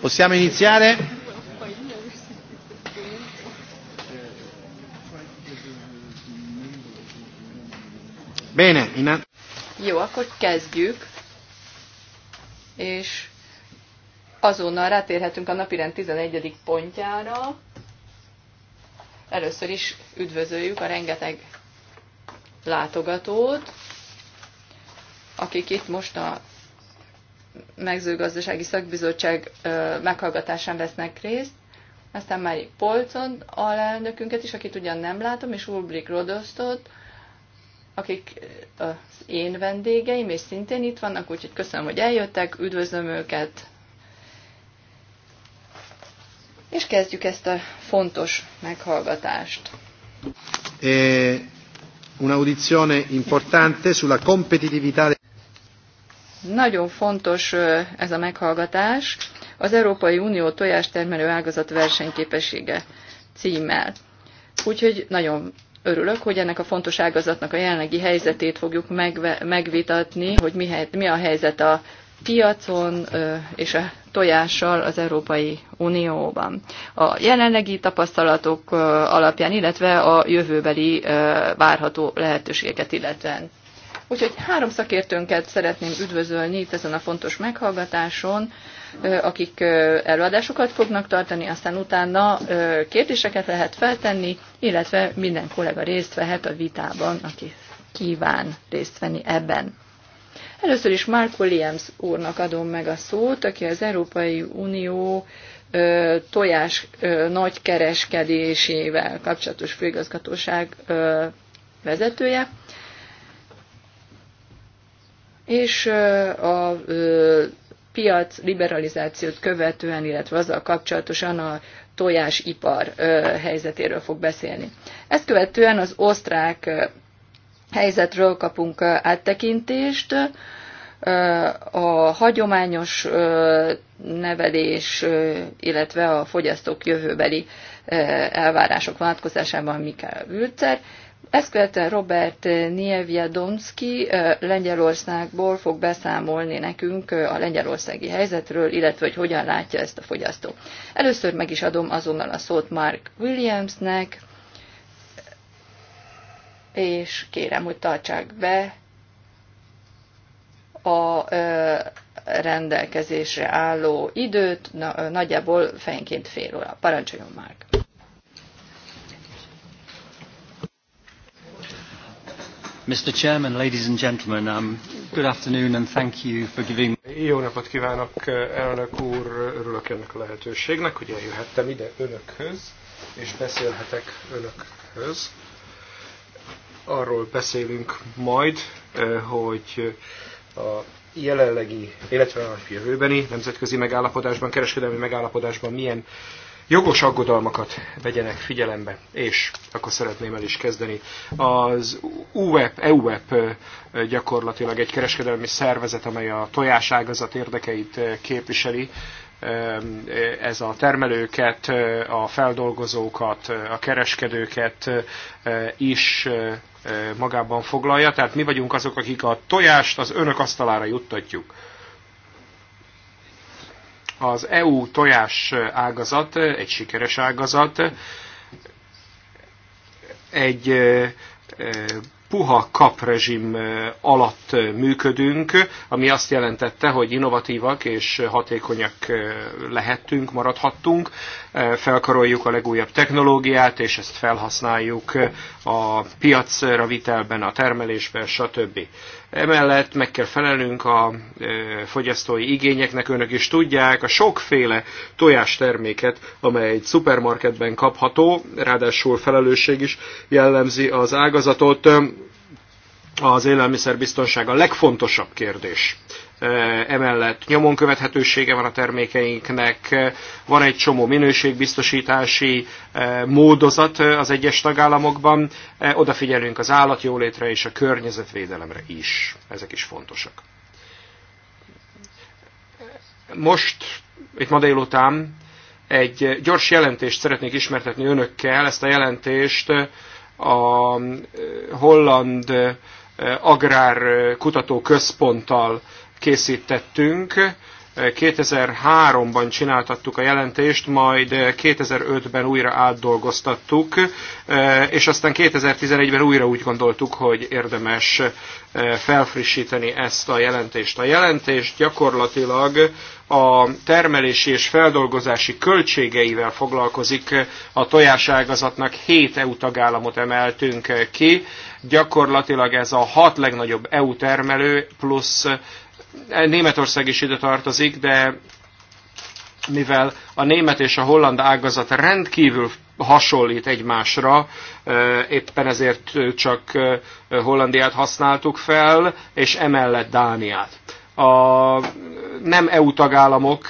Possiamo iniziare? Bene, in... Jó, akkor kezdjük, és azonnal rátérhetünk a napirend 11. pontjára. Először is üdvözöljük a rengeteg látogatót, akik itt most a mezőgazdasági szakbizottság meghallgatásán vesznek részt, aztán Mári Polcon alelnökünket is, akit ugyan nem látom, és Ulbrik Rodosztot, akik az én vendégeim, és szintén itt vannak, úgyhogy köszönöm, hogy eljöttek, üdvözlöm őket, és kezdjük ezt a fontos meghallgatást. E, eh, una audizione importante sulla competitività nagyon fontos ez a meghallgatás az Európai Unió tojástermelő ágazat versenyképessége címmel. Úgyhogy nagyon örülök, hogy ennek a fontos ágazatnak a jelenlegi helyzetét fogjuk megvitatni, hogy mi a helyzet a piacon és a tojással az Európai Unióban. A jelenlegi tapasztalatok alapján, illetve a jövőbeli várható lehetőségeket illetően. Úgyhogy három szakértőnket szeretném üdvözölni itt ezen a fontos meghallgatáson, akik előadásokat fognak tartani, aztán utána kérdéseket lehet feltenni, illetve minden kollega részt vehet a vitában, aki kíván részt venni ebben. Először is Mark Williams úrnak adom meg a szót, aki az Európai Unió tojás nagykereskedésével kapcsolatos főigazgatóság vezetője és a piac liberalizációt követően, illetve azzal kapcsolatosan a tojásipar helyzetéről fog beszélni. Ezt követően az osztrák helyzetről kapunk áttekintést, a hagyományos nevelés, illetve a fogyasztók jövőbeli elvárások vonatkozásában Mikael Ülcer, ezt követően Robert Nieviadonski Lengyelországból fog beszámolni nekünk a lengyelországi helyzetről, illetve hogy hogyan látja ezt a fogyasztó. Először meg is adom azonnal a szót Mark Williamsnek, és kérem, hogy tartsák be a rendelkezésre álló időt, nagyjából fejenként fél óra. Parancsoljon, Mark! Mr. Chairman, ladies and gentlemen, um, good afternoon and thank you for giving... Jó napot kívánok, elnök úr! Örülök ennek a lehetőségnek, hogy eljöhettem ide önökhöz, és beszélhetek önökhöz. Arról beszélünk majd, eh, hogy a jelenlegi, illetve a jövőbeni nemzetközi megállapodásban, kereskedelmi megállapodásban milyen jogos aggodalmakat vegyenek figyelembe, és akkor szeretném el is kezdeni. Az UEP, EUEP gyakorlatilag egy kereskedelmi szervezet, amely a tojáságazat érdekeit képviseli, ez a termelőket, a feldolgozókat, a kereskedőket is magában foglalja. Tehát mi vagyunk azok, akik a tojást az önök asztalára juttatjuk. Az EU tojás ágazat egy sikeres ágazat, egy puha kaprezsim alatt működünk, ami azt jelentette, hogy innovatívak és hatékonyak lehettünk, maradhattunk, felkaroljuk a legújabb technológiát, és ezt felhasználjuk a piacra vitelben, a termelésben, stb. Emellett meg kell felelnünk a fogyasztói igényeknek, önök is tudják, a sokféle tojásterméket, amely egy szupermarketben kapható, ráadásul felelősség is jellemzi az ágazatot, az élelmiszerbiztonság a legfontosabb kérdés Eh, emellett nyomon követhetősége van a termékeinknek, van egy csomó minőségbiztosítási eh, módozat eh, az egyes tagállamokban, odafigyelünk az állatjólétre és a környezetvédelemre is. Ezek is fontosak. Most, itt ma délután, egy gyors jelentést szeretnék ismertetni önökkel. Ezt a jelentést a holland agrárkutató központtal készítettünk. 2003-ban csináltattuk a jelentést, majd 2005-ben újra átdolgoztattuk, és aztán 2011-ben újra úgy gondoltuk, hogy érdemes felfrissíteni ezt a jelentést. A jelentést gyakorlatilag a termelési és feldolgozási költségeivel foglalkozik a tojáságazatnak. 7 EU tagállamot emeltünk ki, gyakorlatilag ez a hat legnagyobb EU termelő plusz Németország is ide tartozik, de mivel a német és a holland ágazat rendkívül hasonlít egymásra, eh, éppen ezért eh, csak eh, Hollandiát használtuk fel, és emellett Dániát. A nem EU tagállamok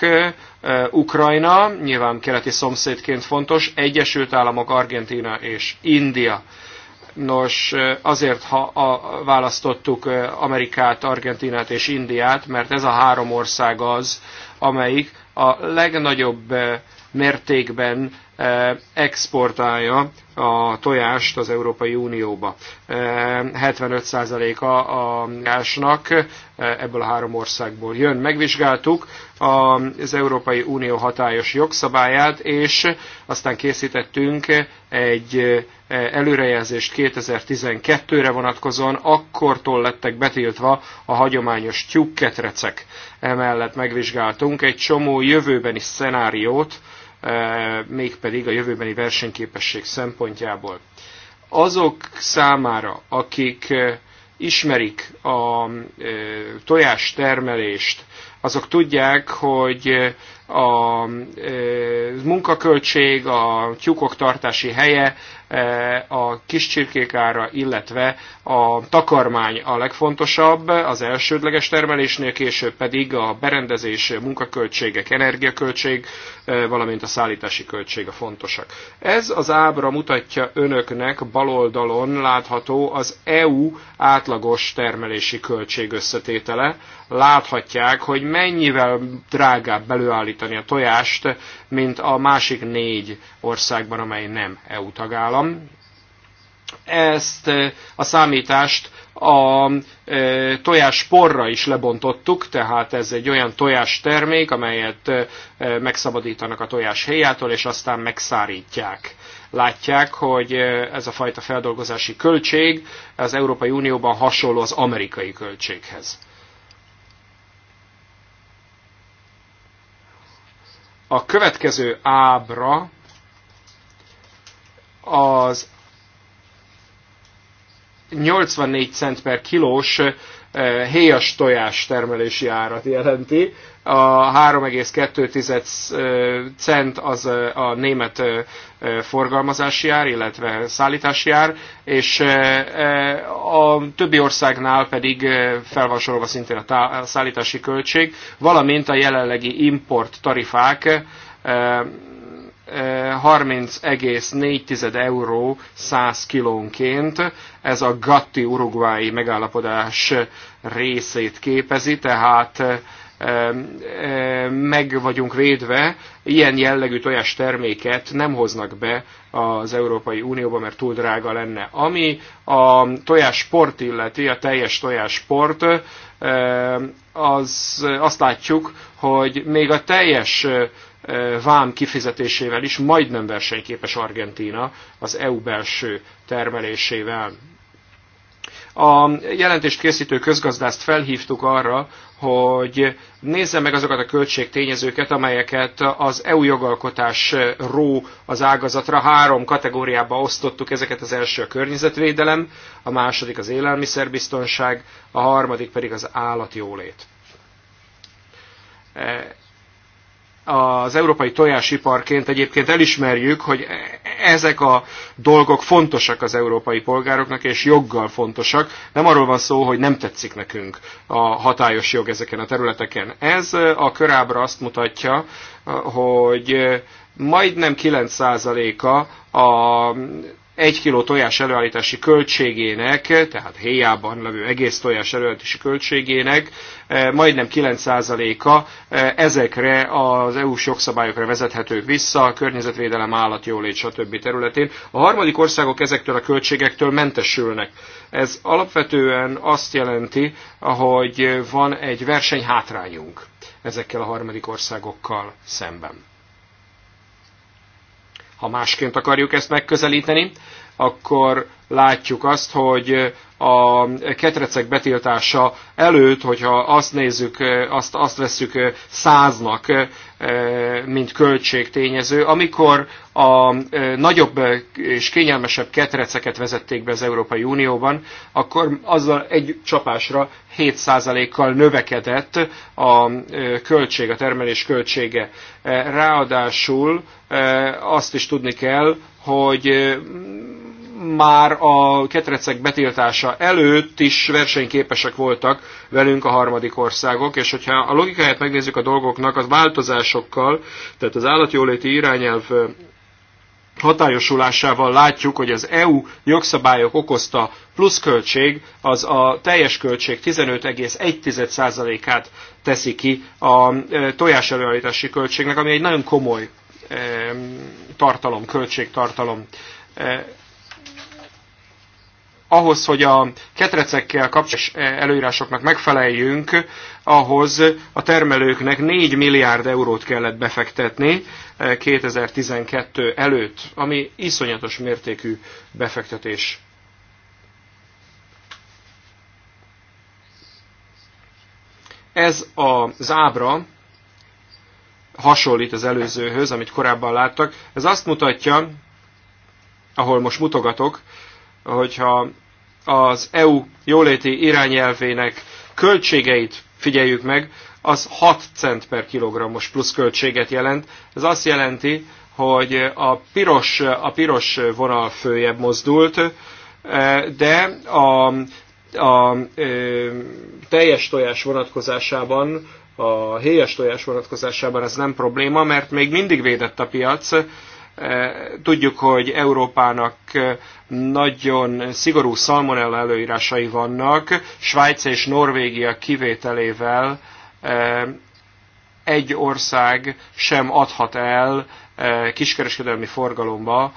Ukrajna, nyilván keleti szomszédként fontos, Egyesült Államok, Argentina és India. Nos, azért ha a, választottuk Amerikát, Argentinát és Indiát, mert ez a három ország az, amelyik a legnagyobb mértékben exportálja a tojást az Európai Unióba. 75%-a a gásnak ebből a három országból jön. Megvizsgáltuk az Európai Unió hatályos jogszabályát, és aztán készítettünk egy előrejelzést 2012-re vonatkozóan, akkortól lettek betiltva a hagyományos tyúkketrecek. Emellett megvizsgáltunk egy csomó jövőbeni szenáriót, E, mégpedig a jövőbeni versenyképesség szempontjából. Azok számára, akik e, ismerik a e, tojás termelést, azok tudják, hogy a munkaköltség, a tyúkok tartási helye Eh, a kis csirkék ára, illetve a takarmány a legfontosabb az elsődleges termelésnél, később pedig a berendezés, munkaköltségek, energiaköltség, eh, valamint a szállítási költség a fontosak. Ez az ábra mutatja önöknek baloldalon látható az EU átlagos termelési költség összetétele. Láthatják, hogy mennyivel drágább belőállítani a tojást, mint a másik négy országban, amely nem EU tagállam Hollandiában ezt a számítást a porra is lebontottuk, tehát ez egy olyan tojástermék, amelyet megszabadítanak a tojás héjától, és aztán megszárítják. Látják, hogy ez a fajta feldolgozási költség az Európai Unióban hasonló az amerikai költséghez. A következő ábra az 84 cent per kilós héjas tojás termelési árat jelenti. A 3,2 cent az a német forgalmazási ár, illetve szállítási ár, és a többi országnál pedig fel van sorolva szintén a szállítási költség, valamint a jelenlegi import tarifák 30,4 euró 100 kilónként. Ez a Gatti uruguayi megállapodás részét képezi, tehát meg vagyunk védve, ilyen jellegű tojás terméket nem hoznak be az Európai Unióba, mert túl drága lenne. Ami a tojásport illeti, a teljes tojásport, az, azt látjuk, hogy még a teljes vám kifizetésével is majdnem versenyképes Argentína az EU belső termelésével. A jelentést készítő közgazdást felhívtuk arra, hogy nézze meg azokat a költségtényezőket, amelyeket az EU jogalkotás ró az ágazatra. Három kategóriába osztottuk ezeket az első a környezetvédelem, a második az élelmiszerbiztonság, a harmadik pedig az állatjólét az európai tojásiparként egyébként elismerjük, hogy ezek a dolgok fontosak az európai polgároknak, és joggal fontosak. Nem arról van szó, hogy nem tetszik nekünk a hatályos jog ezeken a területeken. Ez a körábra azt mutatja, hogy majdnem 9%-a a egy kiló tojás előállítási költségének, tehát héjában levő egész tojás előállítási költségének eh, majdnem 9%-a eh, ezekre az EU-s jogszabályokra vezethetők vissza, a környezetvédelem, állatjólét, stb. területén. A harmadik országok ezektől a költségektől mentesülnek. Ez alapvetően azt jelenti, hogy van egy versenyhátrányunk ezekkel a harmadik országokkal szemben ha másként akarjuk ezt megközelíteni akkor látjuk azt, hogy a ketrecek betiltása előtt, hogyha azt nézzük, azt, azt vesszük száznak, mint költségtényező, amikor a nagyobb és kényelmesebb ketreceket vezették be az Európai Unióban, akkor azzal egy csapásra 7%-kal növekedett a költség, a termelés költsége. Ráadásul eh, azt is tudni kell, hogy már a ketrecek betiltása előtt is versenyképesek voltak velünk a harmadik országok, és hogyha a logikáját megnézzük a dolgoknak, az változásokkal, tehát az állatjóléti irányelv hatályosulásával látjuk, hogy az EU jogszabályok okozta pluszköltség az a teljes költség 15,1%-át teszi ki a tojáselőállítási költségnek, ami egy nagyon komoly tartalom, költségtartalom. E, ahhoz, hogy a ketrecekkel kapcsolatos előírásoknak megfeleljünk, ahhoz a termelőknek 4 milliárd eurót kellett befektetni 2012 e, előtt, ami iszonyatos mértékű befektetés ez az ábra hasonlít az előzőhöz, amit korábban láttak. Ez azt mutatja, ahol most mutogatok, hogyha az EU jóléti irányelvének költségeit figyeljük meg, az 6 cent per kilogrammos plusz költséget jelent. Ez azt jelenti, hogy a piros, a piros vonal följebb mozdult, de a, a a teljes tojás vonatkozásában a héjas tojás vonatkozásában ez nem probléma, mert még mindig védett a piac. E, tudjuk, hogy Európának nagyon szigorú szalmonella előírásai vannak, Svájc és Norvégia kivételével e, egy ország sem adhat el e, kiskereskedelmi forgalomba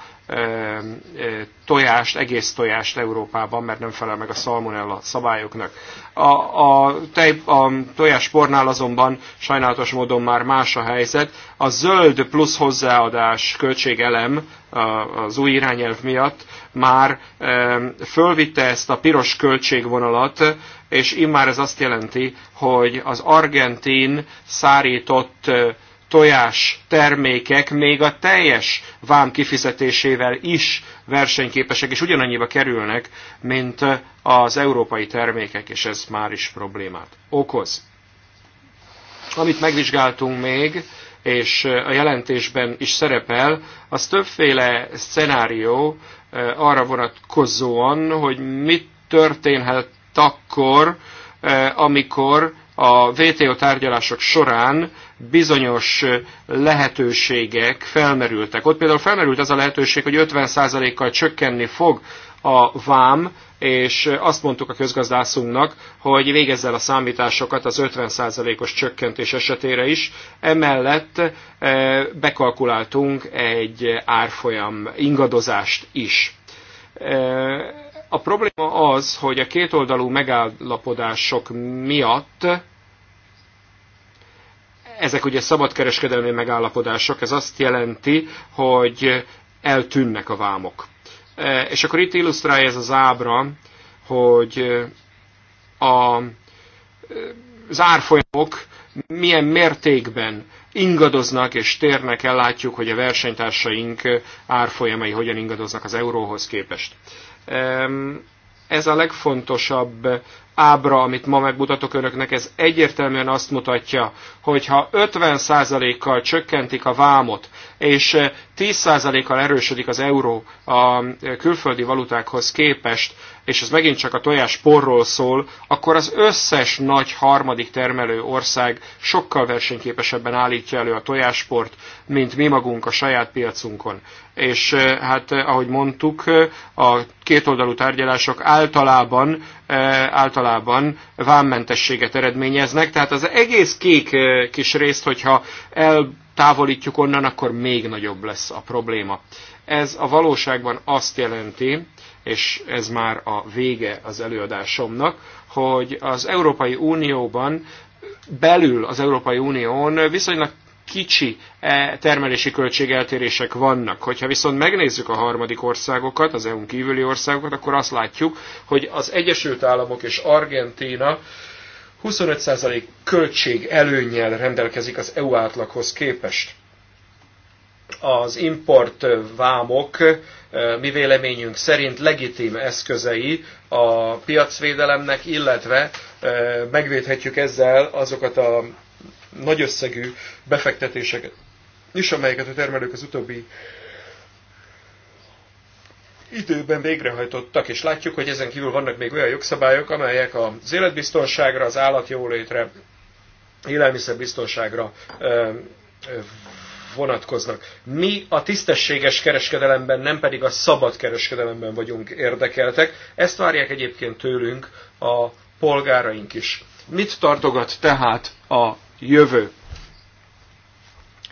tojást, egész tojást Európában, mert nem felel meg a szalmonella szabályoknak. A, a, tej, a tojásspornál azonban sajnálatos módon már más a helyzet. A zöld plusz hozzáadás költségelem az új irányelv miatt már fölvitte ezt a piros költségvonalat, és immár ez azt jelenti, hogy az argentin szárított tojás termékek még a teljes vám kifizetésével is versenyképesek, és ugyanannyiba kerülnek, mint az európai termékek, és ez már is problémát okoz. Amit megvizsgáltunk még, és a jelentésben is szerepel, az többféle szenárió eh, arra vonatkozóan, hogy mit történhet akkor, eh, amikor a VTO tárgyalások során bizonyos lehetőségek felmerültek. Ott például felmerült az a lehetőség, hogy 50%-kal csökkenni fog a vám, és azt mondtuk a közgazdászunknak, hogy végezz el a számításokat az 50%-os csökkentés esetére is. Emellett bekalkuláltunk egy árfolyam ingadozást is. A probléma az, hogy a kétoldalú megállapodások miatt ezek ugye szabadkereskedelmi megállapodások, ez azt jelenti, hogy eltűnnek a vámok. E, és akkor itt illusztrálja ez az ábra, hogy a, az árfolyamok milyen mértékben ingadoznak és térnek el, látjuk, hogy a versenytársaink árfolyamai hogyan ingadoznak az euróhoz képest. Ez a legfontosabb ábra, amit ma megmutatok önöknek, ez egyértelműen azt mutatja, hogy ha 50%-kal csökkentik a vámot, és 10%-kal erősödik az euró a külföldi valutákhoz képest, és ez megint csak a tojás porról szól, akkor az összes nagy harmadik termelő ország sokkal versenyképesebben állítja elő a tojásport, mint mi magunk a saját piacunkon. És eh, hát eh, ahogy mondtuk, eh, a kétoldalú tárgyalások általában általában vámmentességet eredményeznek, tehát az egész kék kis részt, hogyha eltávolítjuk onnan, akkor még nagyobb lesz a probléma. Ez a valóságban azt jelenti, és ez már a vége az előadásomnak, hogy az Európai Unióban belül az Európai Unión viszonylag kicsi e, termelési költségeltérések vannak. Hogyha viszont megnézzük a harmadik országokat, az EU-n kívüli országokat, akkor azt látjuk, hogy az Egyesült Államok és Argentína 25% költség előnyel rendelkezik az EU átlaghoz képest. Az import vámok e, mi véleményünk szerint legitim eszközei a piacvédelemnek, illetve e, megvédhetjük ezzel azokat a nagy összegű befektetéseket is, amelyeket a termelők az utóbbi időben végrehajtottak, és látjuk, hogy ezen kívül vannak még olyan jogszabályok, amelyek az életbiztonságra, az állatjólétre, élelmiszerbiztonságra vonatkoznak. Mi a tisztességes kereskedelemben, nem pedig a szabad kereskedelemben vagyunk érdekeltek. Ezt várják egyébként tőlünk a polgáraink is. Mit tartogat tehát a jövő.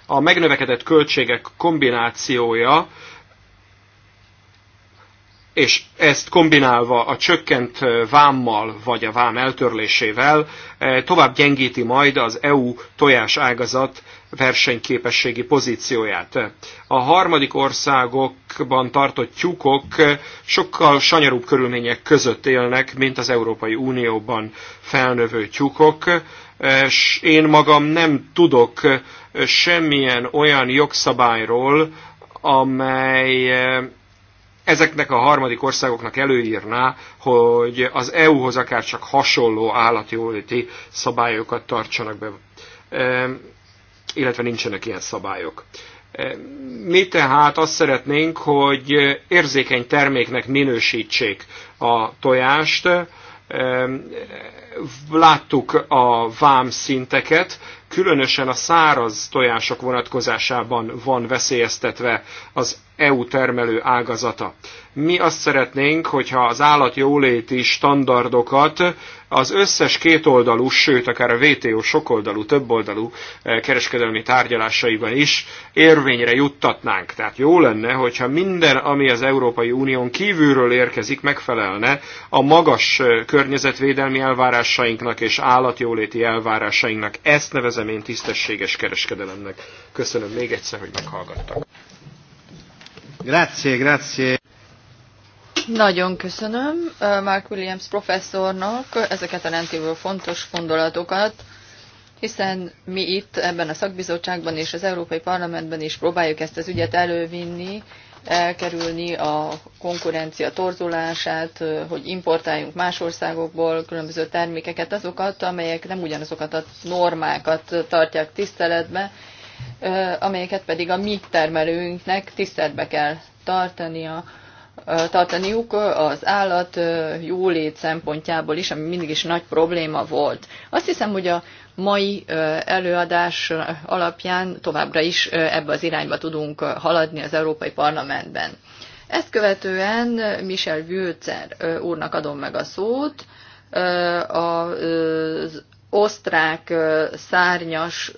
A megnövekedett költségek kombinációja és ezt kombinálva a csökkent vámmal vagy a vám eltörlésével eh, tovább gyengíti majd az EU tojás ágazat versenyképességi pozícióját. A harmadik országokban tartott tyúkok sokkal sanyarúbb körülmények között élnek, mint az Európai Unióban felnövő tyúkok és én magam nem tudok semmilyen olyan jogszabályról, amely ezeknek a harmadik országoknak előírná, hogy az EU-hoz akár csak hasonló állatjóléti szabályokat tartsanak be, illetve nincsenek ilyen szabályok. Mi tehát azt szeretnénk, hogy érzékeny terméknek minősítsék a tojást, Láttuk a vám szinteket, különösen a száraz tojások vonatkozásában van veszélyeztetve az EU termelő ágazata. Mi azt szeretnénk, hogyha az állatjóléti standardokat az összes kétoldalú, sőt akár a WTO sokoldalú, többoldalú eh, kereskedelmi tárgyalásaiban is érvényre juttatnánk. Tehát jó lenne, hogyha minden, ami az Európai Unión kívülről érkezik, megfelelne a magas eh, környezetvédelmi elvárásainknak és állatjóléti elvárásainknak. Ezt nevezem érzem én tisztességes kereskedelemnek. Köszönöm még egyszer, hogy meghallgattak. Grazie, grazie. Nagyon köszönöm Mark Williams professzornak ezeket a rendkívül fontos gondolatokat, hiszen mi itt ebben a szakbizottságban és az Európai Parlamentben is próbáljuk ezt az ügyet elővinni, elkerülni a konkurencia torzulását, hogy importáljunk más országokból különböző termékeket, azokat, amelyek nem ugyanazokat a normákat tartják tiszteletbe, amelyeket pedig a mi termelőinknek tiszteletbe kell tartania, tartaniuk az állat jólét szempontjából is, ami mindig is nagy probléma volt. Azt hiszem, hogy a mai előadás alapján továbbra is ebbe az irányba tudunk haladni az Európai Parlamentben. Ezt követően Michel Vülcer úrnak adom meg a szót, az osztrák szárnyas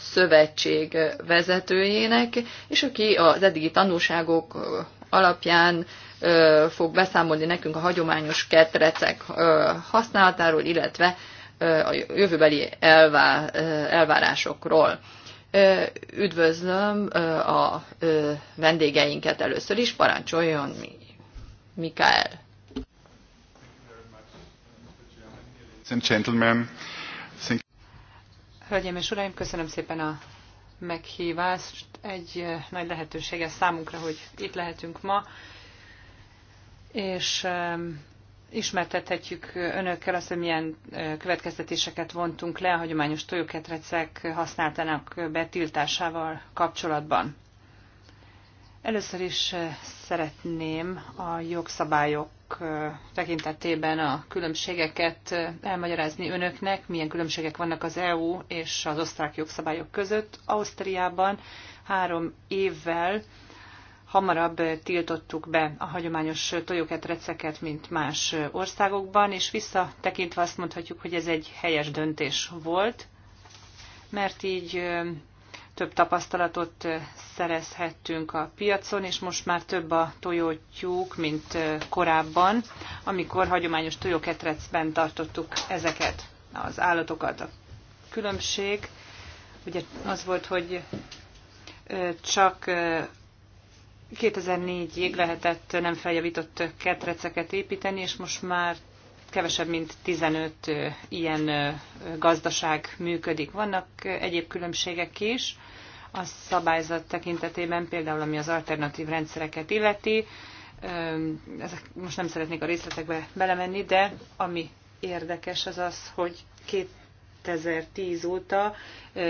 szövetség vezetőjének, és aki az eddigi tanulságok alapján fog beszámolni nekünk a hagyományos ketrecek használatáról, illetve a jövőbeli elvá, elvárásokról. Üdvözlöm a vendégeinket először is, parancsoljon Mikael. Hölgyeim és Uraim, köszönöm szépen a meghívást. Egy nagy lehetőség ez számunkra, hogy itt lehetünk ma, és ismertethetjük önökkel azt, hogy milyen következtetéseket vontunk le a hagyományos tojóketrecek használtának betiltásával kapcsolatban. Először is szeretném a jogszabályok tekintetében a különbségeket elmagyarázni önöknek, milyen különbségek vannak az EU és az osztrák jogszabályok között. Ausztriában három évvel hamarabb eh, tiltottuk be a hagyományos tojóket, receket, mint más országokban, és visszatekintve azt mondhatjuk, hogy ez egy helyes döntés volt, mert így eh, több tapasztalatot eh, szerezhettünk a piacon, és most már több a tojótyúk, mint korábban, amikor hagyományos tojóketrecben tartottuk ezeket, az állatokat. A különbség ugye az volt, hogy csak 2004-ig lehetett nem feljavított ketreceket építeni, és most már kevesebb, mint 15 ilyen gazdaság működik. Vannak egyéb különbségek is a szabályzat tekintetében, például ami az alternatív rendszereket illeti. Ezek, most nem szeretnék a részletekbe belemenni, de ami érdekes az az, hogy két 2010 óta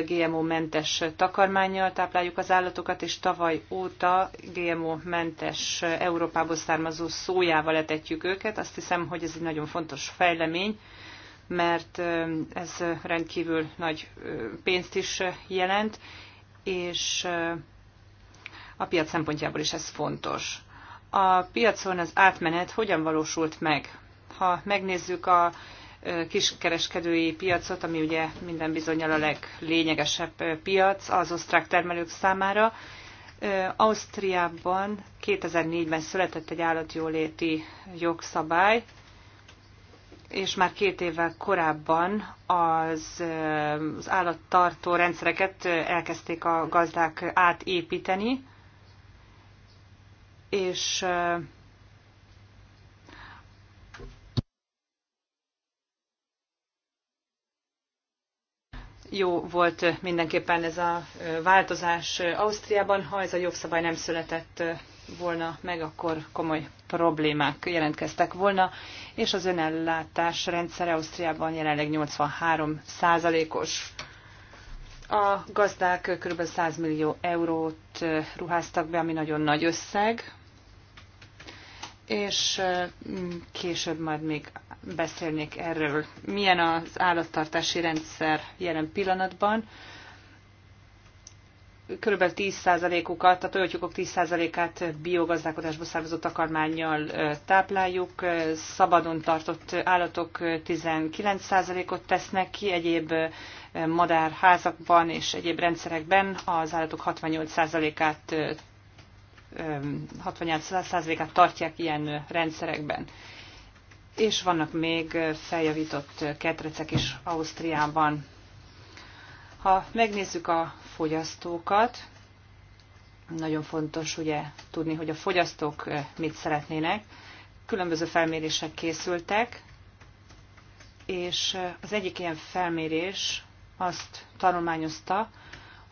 GMO-mentes takarmányjal tápláljuk az állatokat, és tavaly óta GMO-mentes Európából származó szójával etetjük őket. Azt hiszem, hogy ez egy nagyon fontos fejlemény, mert ez rendkívül nagy pénzt is jelent, és a piac szempontjából is ez fontos. A piacon az átmenet hogyan valósult meg? Ha megnézzük a kiskereskedői piacot, ami ugye minden bizonyal a leglényegesebb piac az osztrák termelők számára. Ausztriában 2004-ben született egy állatjóléti jogszabály, és már két évvel korábban az, az állattartó rendszereket elkezdték a gazdák átépíteni, és jó volt mindenképpen ez a változás Ausztriában. Ha ez a jogszabály nem született volna meg, akkor komoly problémák jelentkeztek volna, és az önellátás rendszer Ausztriában jelenleg 83 százalékos. A gazdák kb. 100 millió eurót ruháztak be, ami nagyon nagy összeg, és mm, később majd még beszélnék erről. Milyen az állattartási rendszer jelen pillanatban? Körülbelül 10%-ukat, a tojótyúkok 10%-át biogazdálkodásból származó takarmányjal tápláljuk, szabadon tartott állatok 19%-ot tesznek ki, egyéb madárházakban és egyéb rendszerekben az állatok 68%-át 68%-át tartják ilyen rendszerekben. És vannak még feljavított ketrecek is Ausztriában. Ha megnézzük a fogyasztókat, nagyon fontos ugye tudni, hogy a fogyasztók mit szeretnének. Különböző felmérések készültek, és az egyik ilyen felmérés azt tanulmányozta,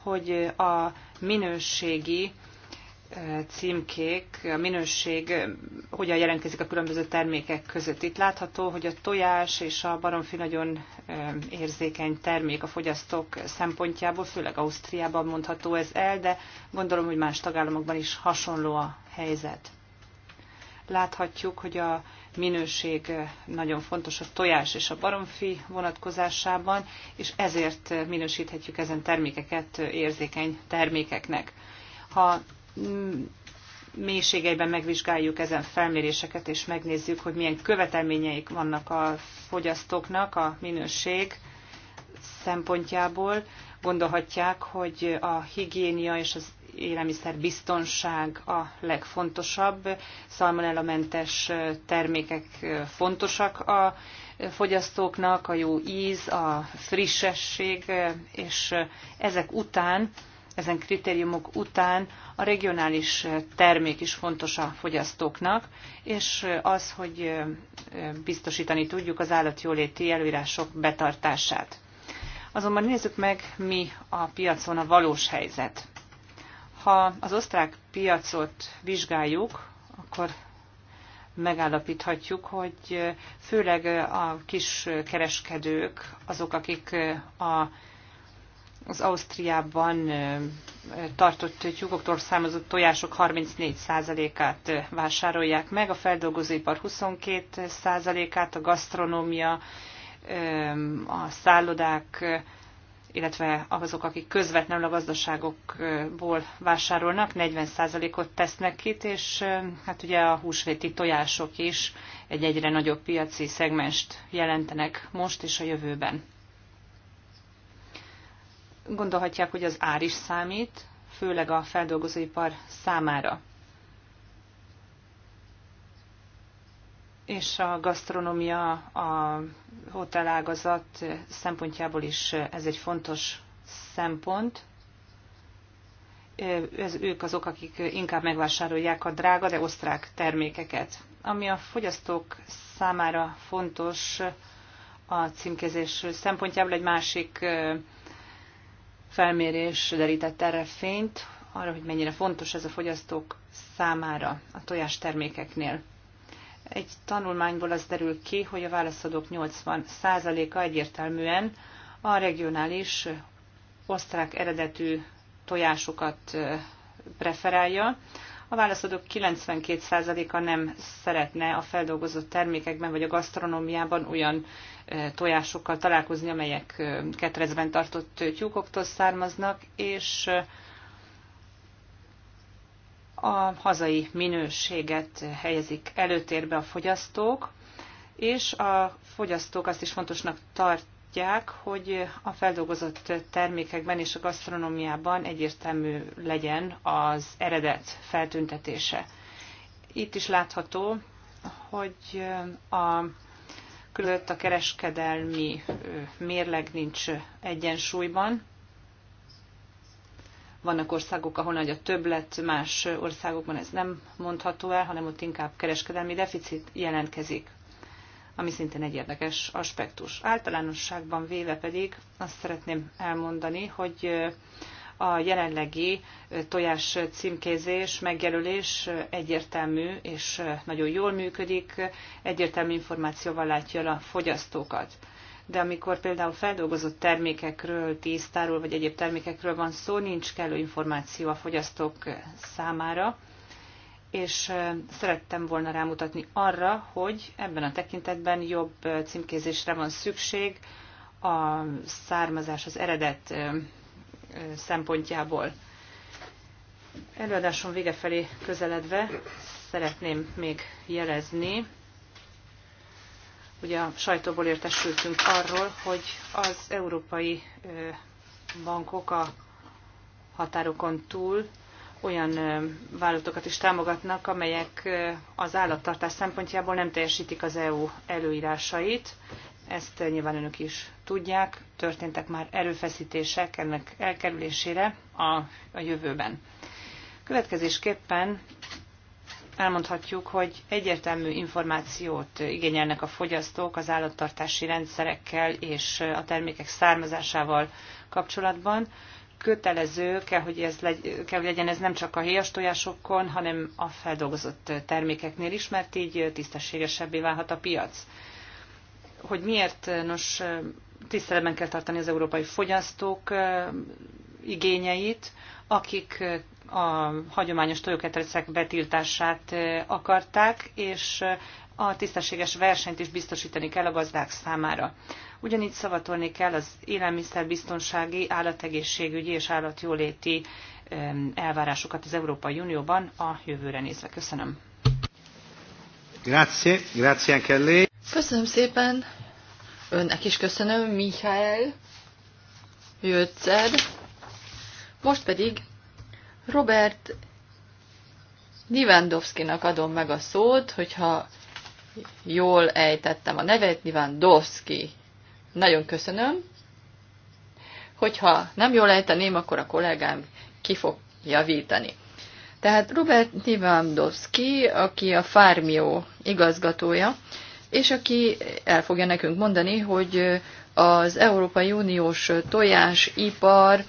hogy a minőségi címkék, a minőség hogyan jelentkezik a különböző termékek között. Itt látható, hogy a tojás és a baromfi nagyon eh, érzékeny termék a fogyasztók szempontjából, főleg Ausztriában mondható ez el, de gondolom, hogy más tagállamokban is hasonló a helyzet. Láthatjuk, hogy a minőség eh, nagyon fontos a tojás és a baromfi vonatkozásában, és ezért minősíthetjük ezen termékeket eh, érzékeny termékeknek. Ha mélységeiben megvizsgáljuk ezen felméréseket, és megnézzük, hogy milyen követelményeik vannak a fogyasztóknak a minőség szempontjából. Gondolhatják, hogy a higiénia és az élelmiszer biztonság a legfontosabb, szalmonellamentes termékek fontosak a fogyasztóknak, a jó íz, a frissesség, és ezek után ezen kritériumok után a regionális termék is fontos a fogyasztóknak, és az, hogy biztosítani tudjuk az állatjóléti előírások betartását. Azonban nézzük meg, mi a piacon a valós helyzet. Ha az osztrák piacot vizsgáljuk, akkor megállapíthatjuk, hogy főleg a kiskereskedők azok, akik a az Ausztriában tartott tyúkoktól származott tojások 34%-át vásárolják meg, a feldolgozóipar 22%-át, a gasztronómia, a szállodák, illetve azok, akik közvetlenül a gazdaságokból vásárolnak, 40%-ot tesznek itt, és hát ugye a húsvéti tojások is egy egyre nagyobb piaci szegmest jelentenek most és a jövőben gondolhatják, hogy az ár is számít, főleg a feldolgozóipar számára. És a gasztronómia, a hotelágazat szempontjából is ez egy fontos szempont. Ez, ők azok, akik inkább megvásárolják a drága, de osztrák termékeket. Ami a fogyasztók számára fontos a címkezés szempontjából, egy másik felmérés derített erre fényt, arra, hogy mennyire fontos ez a fogyasztók számára a tojás termékeknél. Egy tanulmányból az derül ki, hogy a válaszadók 80%-a egyértelműen a regionális osztrák eredetű tojásokat preferálja, a válaszadók 92%-a nem szeretne a feldolgozott termékekben vagy a gasztronómiában olyan tojásokkal találkozni, amelyek ketrezben tartott tyúkoktól származnak, és a hazai minőséget helyezik előtérbe a fogyasztók, és a fogyasztók azt is fontosnak tart, biztosítják, hogy a feldolgozott termékekben és a gasztronómiában egyértelmű legyen az eredet feltüntetése. Itt is látható, hogy a között a kereskedelmi mérleg nincs egyensúlyban. Vannak országok, ahol nagy a többlet, más országokban ez nem mondható el, hanem ott inkább kereskedelmi deficit jelentkezik ami szintén egy érdekes aspektus. Általánosságban véve pedig azt szeretném elmondani, hogy a jelenlegi tojás címkézés, megjelölés egyértelmű és nagyon jól működik, egyértelmű információval látja el a fogyasztókat. De amikor például feldolgozott termékekről, tésztáról vagy egyéb termékekről van szó, nincs kellő információ a fogyasztók számára, és szerettem volna rámutatni arra, hogy ebben a tekintetben jobb címkézésre van szükség a származás, az eredet szempontjából. Előadásom vége felé közeledve szeretném még jelezni, ugye a sajtóból értesültünk arról, hogy az európai bankok a határokon túl olyan vállalatokat is támogatnak, amelyek az állattartás szempontjából nem teljesítik az EU előírásait. Ezt nyilván önök is tudják, történtek már erőfeszítések ennek elkerülésére a, a jövőben. Következésképpen elmondhatjuk, hogy egyértelmű információt igényelnek a fogyasztók az állattartási rendszerekkel és a termékek származásával kapcsolatban kötelező kell, hogy ez legy, kell, hogy legyen ez nem csak a héjas tojásokon, hanem a feldolgozott termékeknél is, mert így tisztességesebbé válhat a piac. Hogy miért? Nos, tiszteletben kell tartani az európai fogyasztók igényeit, akik a hagyományos tojóketrecek betiltását akarták, és a tisztességes versenyt is biztosítani kell a gazdák számára. Ugyanígy szavatolni kell az élelmiszerbiztonsági, állategészségügyi és állatjóléti elvárásokat az Európai Unióban a jövőre nézve. Köszönöm. Grazie, grazie anche lei. Köszönöm szépen. Önnek is köszönöm, Mihály. Jöttszer. Most pedig Robert Nivandowskinak adom meg a szót, hogyha jól ejtettem a nevet, nyilván Doszki. Nagyon köszönöm. Hogyha nem jól ejteném, akkor a kollégám ki fog javítani. Tehát Robert Nivandowski, aki a Farmio igazgatója, és aki el fogja nekünk mondani, hogy az Európai Uniós tojásipar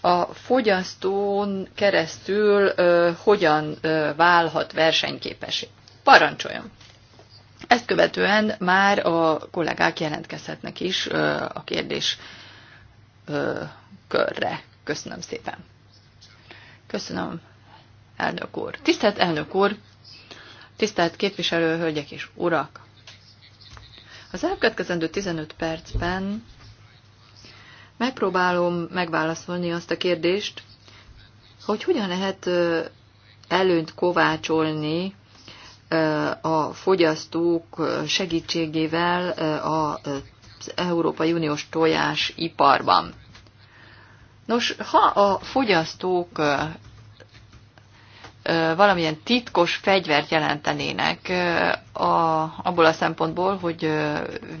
a fogyasztón keresztül hogyan válhat versenyképesé. Parancsoljon! Ezt követően már a kollégák jelentkezhetnek is a kérdés körre. Köszönöm szépen. Köszönöm, elnök úr. Tisztelt elnök úr, tisztelt képviselő, hölgyek és urak! Az elkövetkezendő 15 percben megpróbálom megválaszolni azt a kérdést, hogy hogyan lehet előnyt kovácsolni a fogyasztók segítségével az Európai Uniós tojás iparban. Nos, ha a fogyasztók valamilyen titkos fegyvert jelentenének a, abból a szempontból, hogy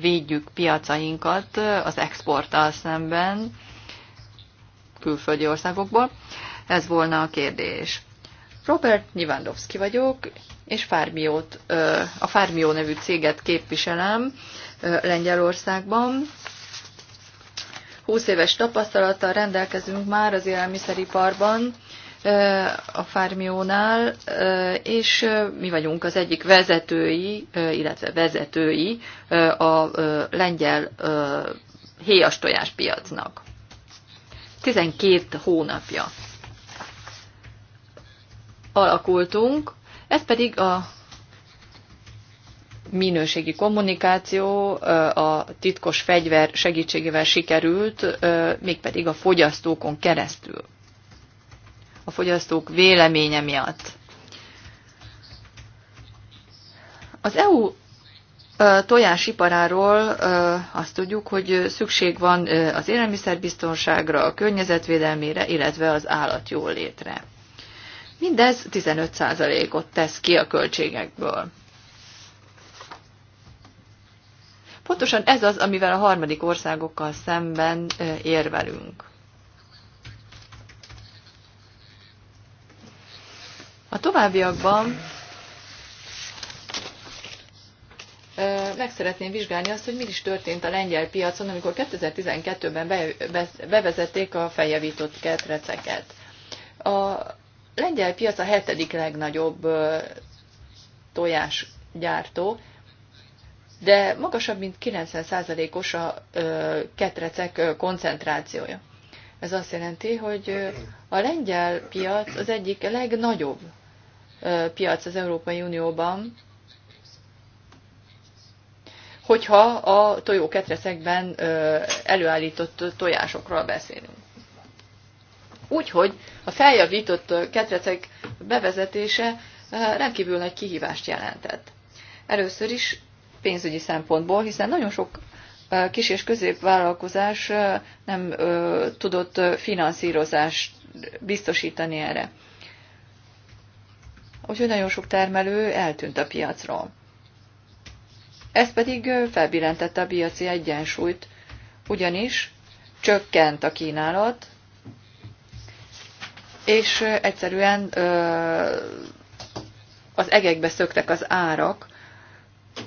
védjük piacainkat az exporttal szemben külföldi országokból, ez volna a kérdés. Robert Nyivandowski vagyok, és Fármiót, a Fármió nevű céget képviselem Lengyelországban. 20 éves tapasztalattal rendelkezünk már az élelmiszeriparban, a Fármiónál, és mi vagyunk az egyik vezetői, illetve vezetői a lengyel héjas tojás piacnak. 12 hónapja alakultunk, ez pedig a minőségi kommunikáció a titkos fegyver segítségével sikerült, mégpedig a fogyasztókon keresztül. A fogyasztók véleménye miatt. Az EU tojásiparáról azt tudjuk, hogy szükség van az élelmiszerbiztonságra, a környezetvédelmére, illetve az állatjólétre. Mindez 15%-ot tesz ki a költségekből. Pontosan ez az, amivel a harmadik országokkal szemben érvelünk. A továbbiakban meg szeretném vizsgálni azt, hogy mi is történt a lengyel piacon, amikor 2012-ben bevezették a feljavított ketreceket. A lengyel piac a hetedik legnagyobb tojásgyártó, de magasabb, mint 90%-os a ketrecek koncentrációja. Ez azt jelenti, hogy a lengyel piac az egyik legnagyobb piac az Európai Unióban, hogyha a tojóketreszekben előállított tojásokról beszélünk. Úgyhogy a feljavított ketrecek bevezetése rendkívül nagy kihívást jelentett. Először is pénzügyi szempontból, hiszen nagyon sok kis és középvállalkozás nem tudott finanszírozást biztosítani erre. Úgyhogy nagyon sok termelő eltűnt a piacról. Ez pedig felbillentette a piaci egyensúlyt, ugyanis csökkent a kínálat, és egyszerűen az egekbe szöktek az árak,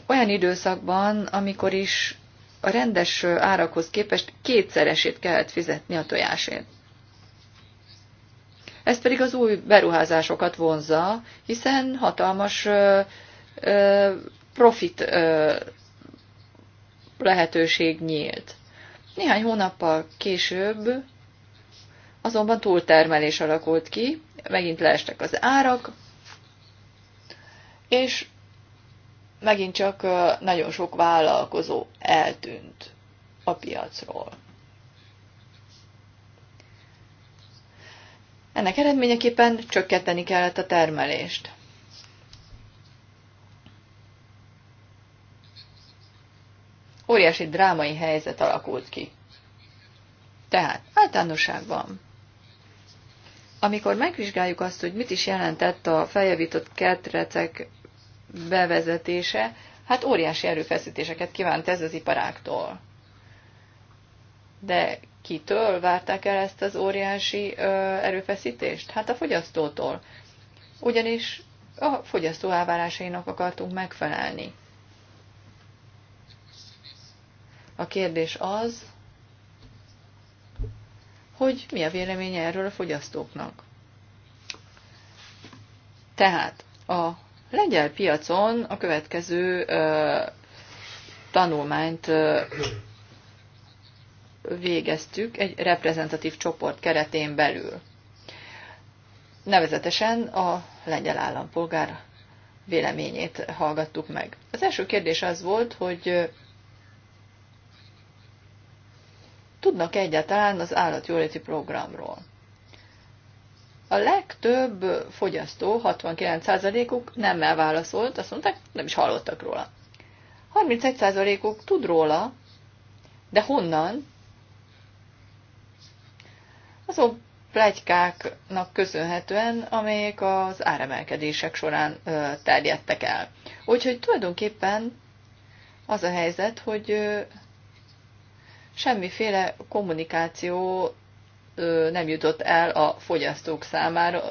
olyan időszakban, amikor is a rendes árakhoz képest kétszeresét kellett fizetni a tojásért. Ez pedig az új beruházásokat vonza, hiszen hatalmas ö, ö, profit ö, lehetőség nyílt. Néhány hónappal később azonban túltermelés alakult ki, megint leestek az árak, és megint csak nagyon sok vállalkozó eltűnt a piacról. Ennek eredményeképpen csökkenteni kellett a termelést. Óriási drámai helyzet alakult ki. Tehát általánosságban amikor megvizsgáljuk azt, hogy mit is jelentett a feljavított ketrecek bevezetése, hát óriási erőfeszítéseket kívánt ez az iparáktól. De kitől várták el ezt az óriási ö, erőfeszítést? Hát a fogyasztótól. Ugyanis a fogyasztó elvárásainak akartunk megfelelni. A kérdés az, hogy mi a véleménye erről a fogyasztóknak. Tehát a lengyel piacon a következő ö, tanulmányt ö, végeztük egy reprezentatív csoport keretén belül. Nevezetesen a lengyel állampolgár véleményét hallgattuk meg. Az első kérdés az volt, hogy tudnak egyáltalán az állatjóléti programról. A legtöbb fogyasztó, 69%-uk nem elválaszolt, azt mondták, nem is hallottak róla. 31%-uk tud róla, de honnan? Azon plegykáknak köszönhetően, amelyek az áremelkedések során ö, terjedtek el. Úgyhogy tulajdonképpen az a helyzet, hogy semmiféle kommunikáció nem jutott el a fogyasztók számára,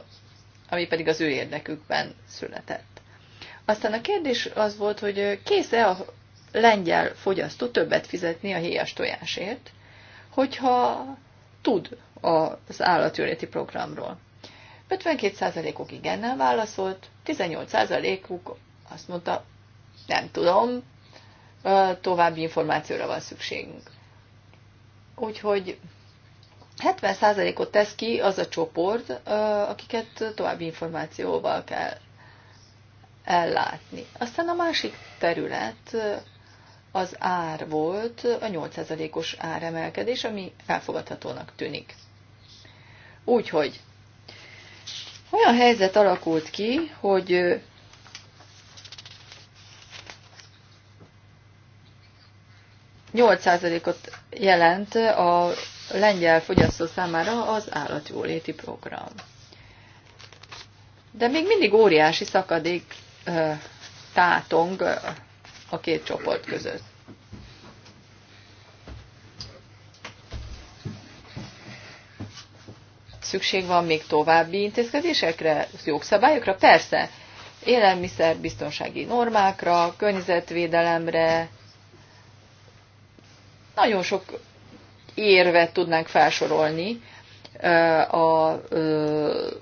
ami pedig az ő érdekükben született. Aztán a kérdés az volt, hogy kész-e a lengyel fogyasztó többet fizetni a héjas tojásért, hogyha tud az állatjóléti programról. 52%-uk igennel válaszolt, 18%-uk azt mondta, nem tudom, további információra van szükségünk. Úgyhogy 70%-ot tesz ki az a csoport, akiket további információval kell ellátni. Aztán a másik terület az ár volt, a 8%-os áremelkedés, ami elfogadhatónak tűnik. Úgyhogy olyan helyzet alakult ki, hogy 8%-ot jelent a lengyel fogyasztó számára az állatjóléti program. De még mindig óriási szakadék tátong a két csoport között. Szükség van még további intézkedésekre, jogszabályokra? Persze. Élelmiszerbiztonsági normákra, környezetvédelemre, nagyon sok érvet tudnánk felsorolni a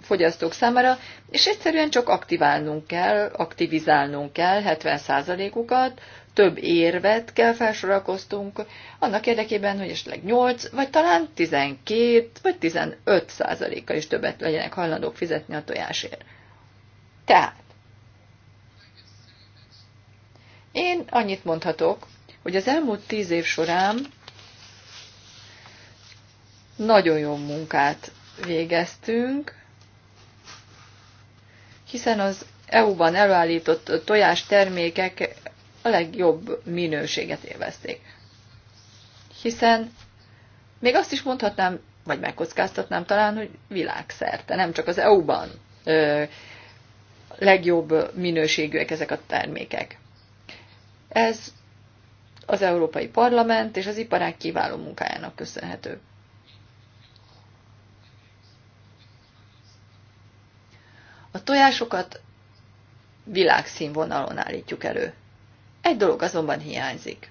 fogyasztók számára, és egyszerűen csak aktiválnunk kell, aktivizálnunk kell 70%-ukat, több érvet kell felsorakoztunk, annak érdekében, hogy esetleg 8, vagy talán 12, vagy 15 százaléka is többet legyenek hajlandók fizetni a tojásért. Tehát, én annyit mondhatok, hogy az elmúlt tíz év során nagyon jó munkát végeztünk, hiszen az EU-ban előállított tojás termékek a legjobb minőséget élvezték. Hiszen még azt is mondhatnám, vagy megkockáztatnám talán, hogy világszerte, nem csak az EU-ban legjobb minőségűek ezek a termékek. Ez az Európai Parlament és az iparák kiváló munkájának köszönhető. A tojásokat világszínvonalon állítjuk elő. Egy dolog azonban hiányzik.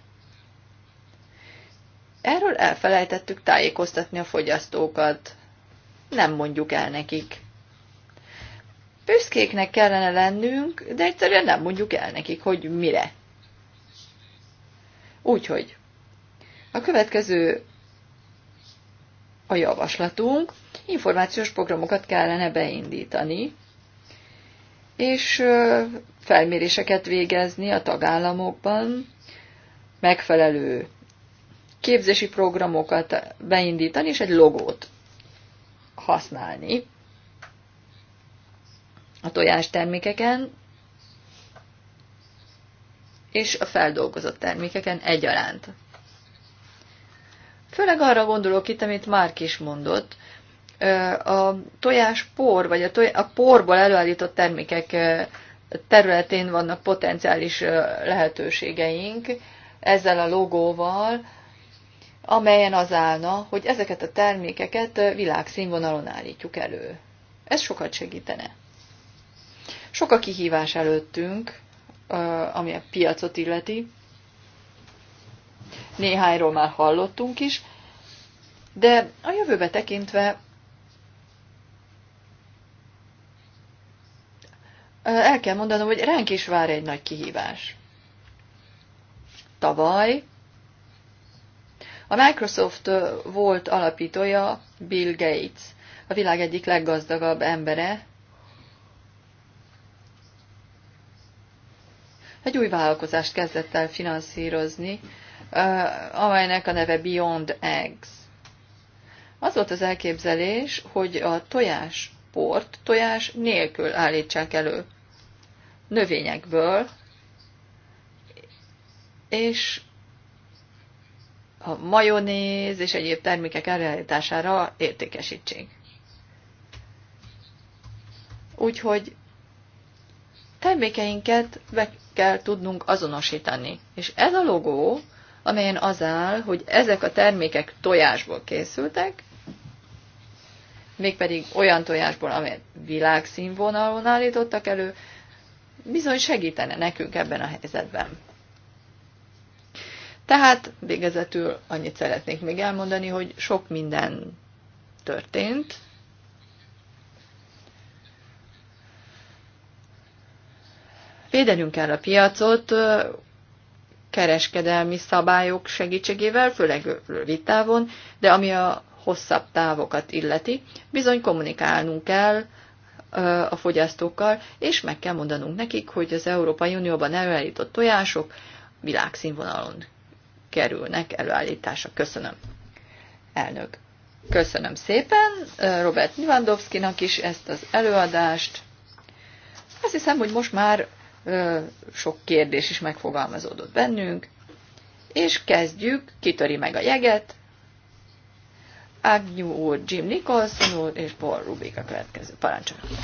Erről elfelejtettük tájékoztatni a fogyasztókat. Nem mondjuk el nekik. Büszkéknek kellene lennünk, de egyszerűen nem mondjuk el nekik, hogy mire Úgyhogy a következő a javaslatunk, információs programokat kellene beindítani, és felméréseket végezni a tagállamokban, megfelelő képzési programokat beindítani, és egy logót használni a tojástermékeken és a feldolgozott termékeken egyaránt. Főleg arra gondolok itt, amit Márk is mondott, a tojáspor, vagy a, toj, a porból előállított termékek területén vannak potenciális lehetőségeink ezzel a logóval, amelyen az állna, hogy ezeket a termékeket világszínvonalon állítjuk elő. Ez sokat segítene. Sok a kihívás előttünk, ami a piacot illeti. Néhányról már hallottunk is, de a jövőbe tekintve el kell mondanom, hogy ránk is vár egy nagy kihívás. Tavaly a Microsoft volt alapítója Bill Gates, a világ egyik leggazdagabb embere, egy új vállalkozást kezdett el finanszírozni, amelynek a neve Beyond Eggs. Az volt az elképzelés, hogy a tojás port tojás nélkül állítsák elő növényekből, és a majonéz és egyéb termékek előállítására értékesítsék. Úgyhogy termékeinket kell tudnunk azonosítani. És ez a logó, amelyen az áll, hogy ezek a termékek tojásból készültek, mégpedig olyan tojásból, amelyet világszínvonalon állítottak elő, bizony segítene nekünk ebben a helyzetben. Tehát végezetül annyit szeretnék még elmondani, hogy sok minden történt, Védenünk kell a piacot kereskedelmi szabályok segítségével, főleg rövid távon, de ami a hosszabb távokat illeti, bizony kommunikálnunk kell a fogyasztókkal, és meg kell mondanunk nekik, hogy az Európai Unióban előállított tojások világszínvonalon kerülnek előállításra. Köszönöm, elnök. Köszönöm szépen Robert Nivandovszkinak is ezt az előadást. Azt hiszem, hogy most már sok kérdés is megfogalmazódott bennünk, és kezdjük, kitöri meg a jeget, Agnew úr, Jim Nicholson úr és Paul Rubik a következő. Parancsoljon!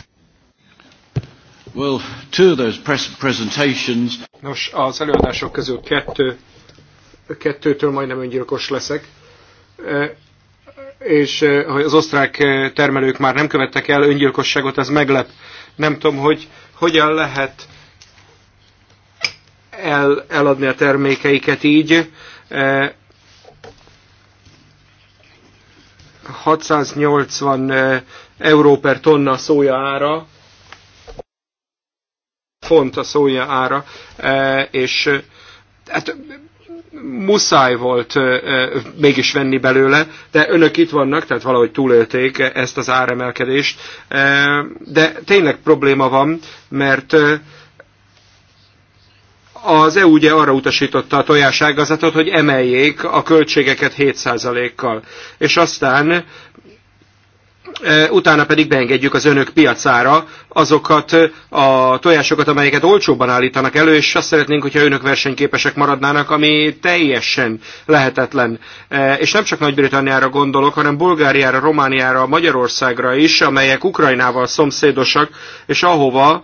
Well, two of those presentations. Nos, az előadások közül kettő, kettőtől majdnem öngyilkos leszek és hogy az osztrák termelők már nem követtek el öngyilkosságot, ez meglep. Nem tudom, hogy hogyan lehet el, eladni a termékeiket így. 680 e, e, euró per tonna szója ára, font a szója ára, e, és hát muszáj volt mégis venni belőle, de önök itt vannak, tehát valahogy túlélték ezt az áremelkedést, de tényleg probléma van, mert az EU ugye arra utasította a tojáságazatot, hogy emeljék a költségeket 7%-kal. És aztán e, utána pedig beengedjük az önök piacára azokat a tojásokat, amelyeket olcsóban állítanak elő, és azt szeretnénk, hogyha önök versenyképesek maradnának, ami teljesen lehetetlen. E, és nem csak Nagy-Britanniára gondolok, hanem Bulgáriára, Romániára, Magyarországra is, amelyek Ukrajnával szomszédosak, és ahova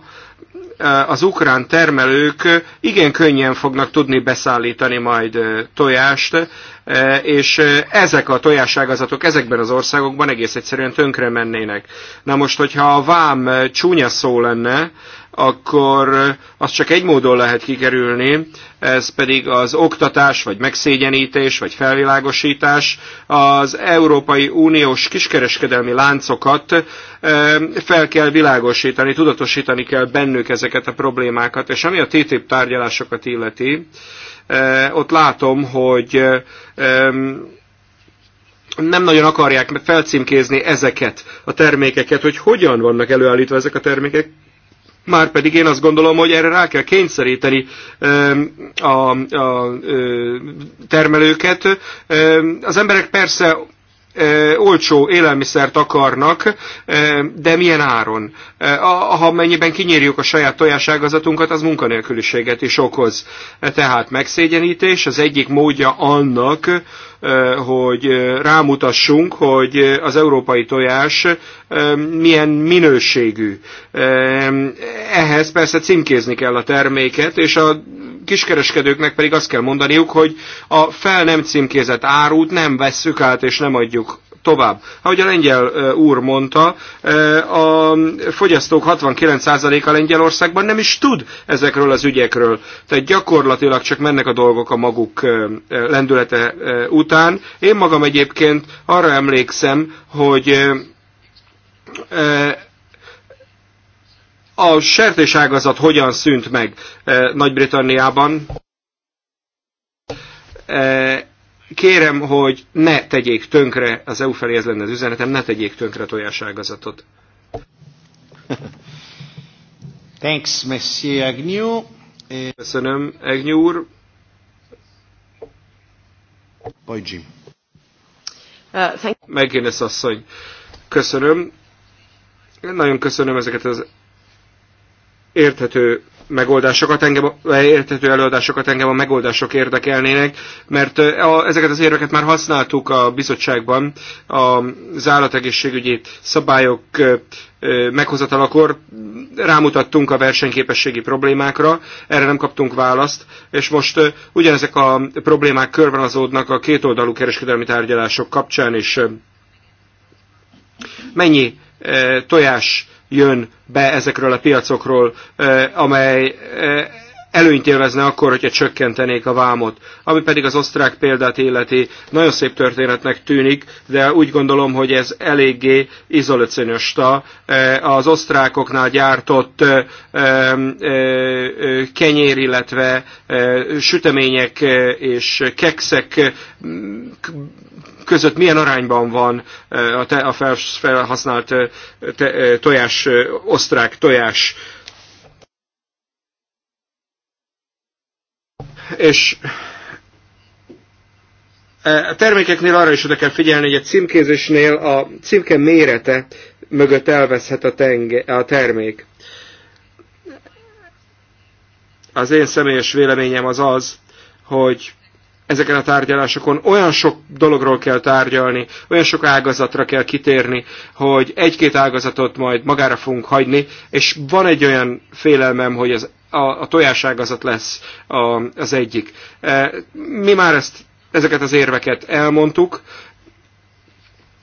Eh, az ukrán termelők igen könnyen fognak tudni beszállítani majd eh, tojást, eh, és ezek a tojáságazatok ezekben az országokban egész egyszerűen tönkre mennének. Na most, hogyha a vám csúnya szó lenne, akkor eh, azt csak egy módon lehet kikerülni, ez pedig az oktatás, vagy megszégyenítés, vagy felvilágosítás az Európai Uniós kiskereskedelmi láncokat eh, fel kell világosítani, tudatosítani kell bennük ezeket a problémákat, és ami a TTIP tárgyalásokat illeti, eh, ott látom, hogy nem nagyon akarják felcímkézni ezeket a termékeket, hogy hogyan vannak előállítva ezek a termékek, már pedig én azt gondolom, hogy erre rá kell kényszeríteni a, a termelőket. Az emberek persze olcsó élelmiszert akarnak, de milyen áron? Ha mennyiben kinyírjuk a saját tojáságazatunkat, az munkanélküliséget is okoz. Tehát megszégyenítés az egyik módja annak, hogy rámutassunk, hogy az európai tojás milyen minőségű. Ehhez persze címkézni kell a terméket, és a kiskereskedőknek pedig azt kell mondaniuk, hogy a fel nem címkézett árut nem vesszük át és nem adjuk tovább. Ahogy a lengyel úr mondta, a fogyasztók 69%-a Lengyelországban nem is tud ezekről az ügyekről. Tehát gyakorlatilag csak mennek a dolgok a maguk lendülete után. Én magam egyébként arra emlékszem, hogy a sertéságazat hogyan szűnt meg eh, Nagy-Britanniában? Eh, kérem, hogy ne tegyék tönkre, az EU felé ez lenne az üzenetem, ne tegyék tönkre a tojáságazatot. Thanks, Monsieur Agnew. Köszönöm, Agnew úr. Bye, Jim. Uh, Megénes asszony, köszönöm. Én nagyon köszönöm ezeket az érthető megoldásokat, engem, érthető előadásokat engem a megoldások érdekelnének, mert a, ezeket az érveket már használtuk a bizottságban az állategészségügyi szabályok meghozatalakor rámutattunk a versenyképességi problémákra, erre nem kaptunk választ, és most ugyanezek a problémák körvonazódnak a kétoldalú kereskedelmi tárgyalások kapcsán és Mennyi tojás jön be ezekről a piacokról, amely előnyt élvezne akkor, hogyha csökkentenék a vámot. Ami pedig az osztrák példát illeti, nagyon szép történetnek tűnik, de úgy gondolom, hogy ez eléggé izolöcönösta. Az osztrákoknál gyártott kenyér, illetve sütemények és kekszek között milyen arányban van a felhasznált tojás, osztrák tojás. És a termékeknél arra is oda kell figyelni, hogy a címkézésnél a címke mérete mögött elveszhet a, tenge, a termék. Az én személyes véleményem az az, hogy ezeken a tárgyalásokon olyan sok dologról kell tárgyalni, olyan sok ágazatra kell kitérni, hogy egy-két ágazatot majd magára fogunk hagyni, és van egy olyan félelmem, hogy az, a, a tojáságazat lesz a, az egyik. E, mi már ezt, ezeket az érveket elmondtuk,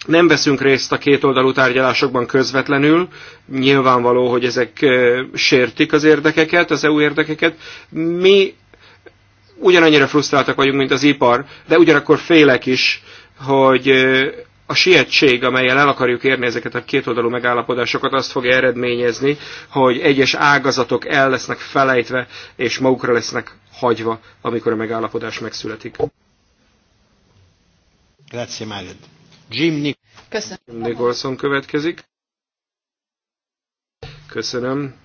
nem veszünk részt a kétoldalú tárgyalásokban közvetlenül, nyilvánvaló, hogy ezek e, sértik az érdekeket, az EU érdekeket. Mi ugyanannyira frusztráltak vagyunk, mint az ipar, de ugyanakkor félek is, hogy a sietség, amelyel el akarjuk érni ezeket a kétoldalú megállapodásokat, azt fogja eredményezni, hogy egyes ágazatok el lesznek felejtve, és magukra lesznek hagyva, amikor a megállapodás megszületik. Grazie, Jim Köszönöm. Nicholson következik. Köszönöm.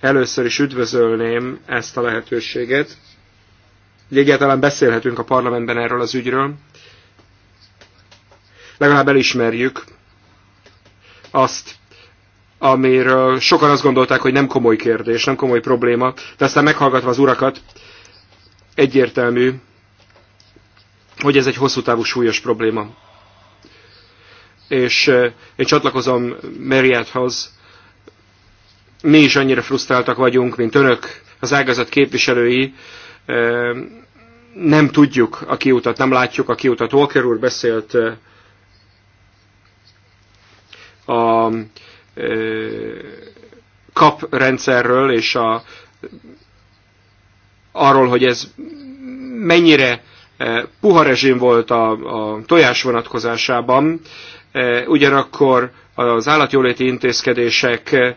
Először is üdvözölném ezt a lehetőséget, egyáltalán beszélhetünk a parlamentben erről az ügyről. Legalább elismerjük azt, amiről sokan azt gondolták, hogy nem komoly kérdés, nem komoly probléma, de aztán meghallgatva az urakat, egyértelmű, hogy ez egy hosszú távú súlyos probléma. És eh, én csatlakozom hoz mi is annyira frusztráltak vagyunk, mint önök, az ágazat képviselői, nem tudjuk a kiutat, nem látjuk a kiutat. Walker úr beszélt a kap rendszerről, és a, arról, hogy ez mennyire puha rezsim volt a, a tojás vonatkozásában. E, ugyanakkor az állatjóléti intézkedések e,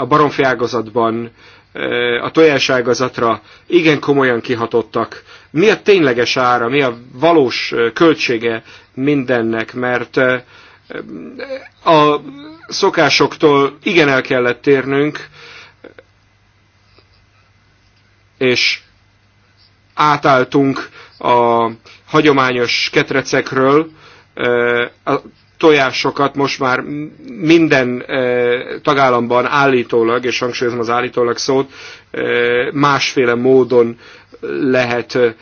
a baromfi ágazatban, e, a ágazatra igen komolyan kihatottak. Mi a tényleges ára, mi a valós költsége mindennek, mert a szokásoktól igen el kellett térnünk, és átálltunk a hagyományos ketrecekről, a tojásokat most már minden eh, tagállamban állítólag, és hangsúlyozom az állítólag szót, eh, másféle módon lehet eh,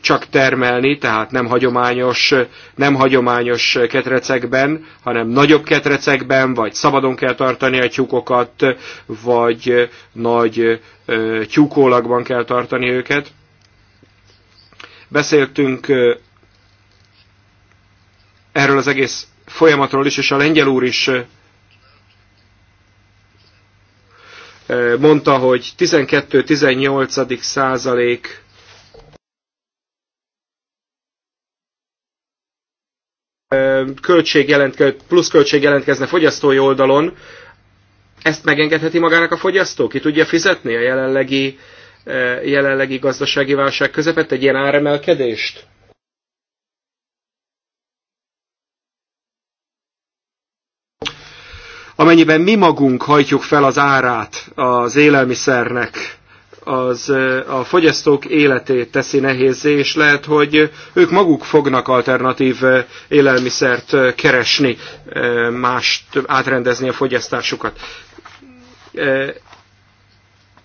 csak termelni, tehát nem hagyományos, nem hagyományos ketrecekben, hanem nagyobb ketrecekben, vagy szabadon kell tartani a tyúkokat, vagy nagy tyúkólagban kell tartani őket. Beszéltünk erről az egész folyamatról is, és a lengyel úr is mondta, hogy 12-18 százalék költség jelentke, plusz költség jelentkezne fogyasztói oldalon, ezt megengedheti magának a fogyasztó? Ki tudja fizetni a jelenlegi, jelenlegi gazdasági válság közepett egy ilyen áremelkedést? amennyiben mi magunk hajtjuk fel az árát az élelmiszernek, az a fogyasztók életét teszi nehézé, és lehet, hogy ők maguk fognak alternatív élelmiszert keresni, mást átrendezni a fogyasztásukat.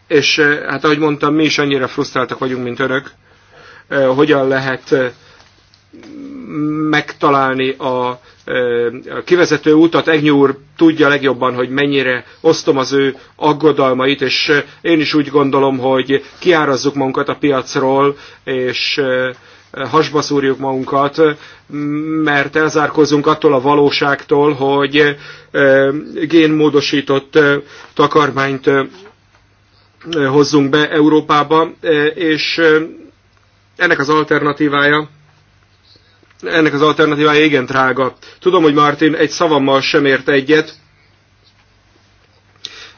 És hát ahogy mondtam, mi is annyira frusztráltak vagyunk, mint önök, hogyan lehet megtalálni a kivezető utat. Egnyi úr tudja legjobban, hogy mennyire osztom az ő aggodalmait, és én is úgy gondolom, hogy kiárazzuk magunkat a piacról, és hasba szúrjuk magunkat, mert elzárkozunk attól a valóságtól, hogy génmódosított takarmányt hozzunk be Európába, és ennek az alternatívája ennek az alternatívája igen drága. Tudom, hogy Martin egy szavammal sem ért egyet,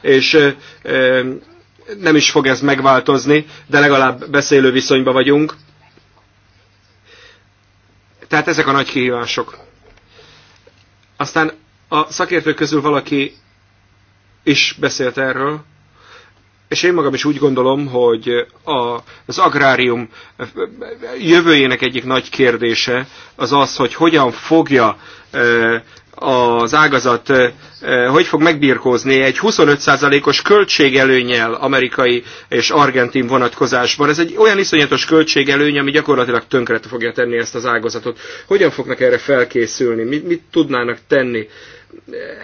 és nem is fog ez megváltozni, de legalább beszélő viszonyban vagyunk. Tehát ezek a nagy kihívások. Aztán a szakértők közül valaki is beszélt erről, és én magam is úgy gondolom, hogy a, az agrárium jövőjének egyik nagy kérdése az az, hogy hogyan fogja az ágazat hogy fog megbirkózni egy 25%-os költségelőnyel amerikai és argentin vonatkozásban. Ez egy olyan iszonyatos költségelőny, ami gyakorlatilag tönkre fogja tenni ezt az ágazatot. Hogyan fognak erre felkészülni? Mit, mit tudnának tenni?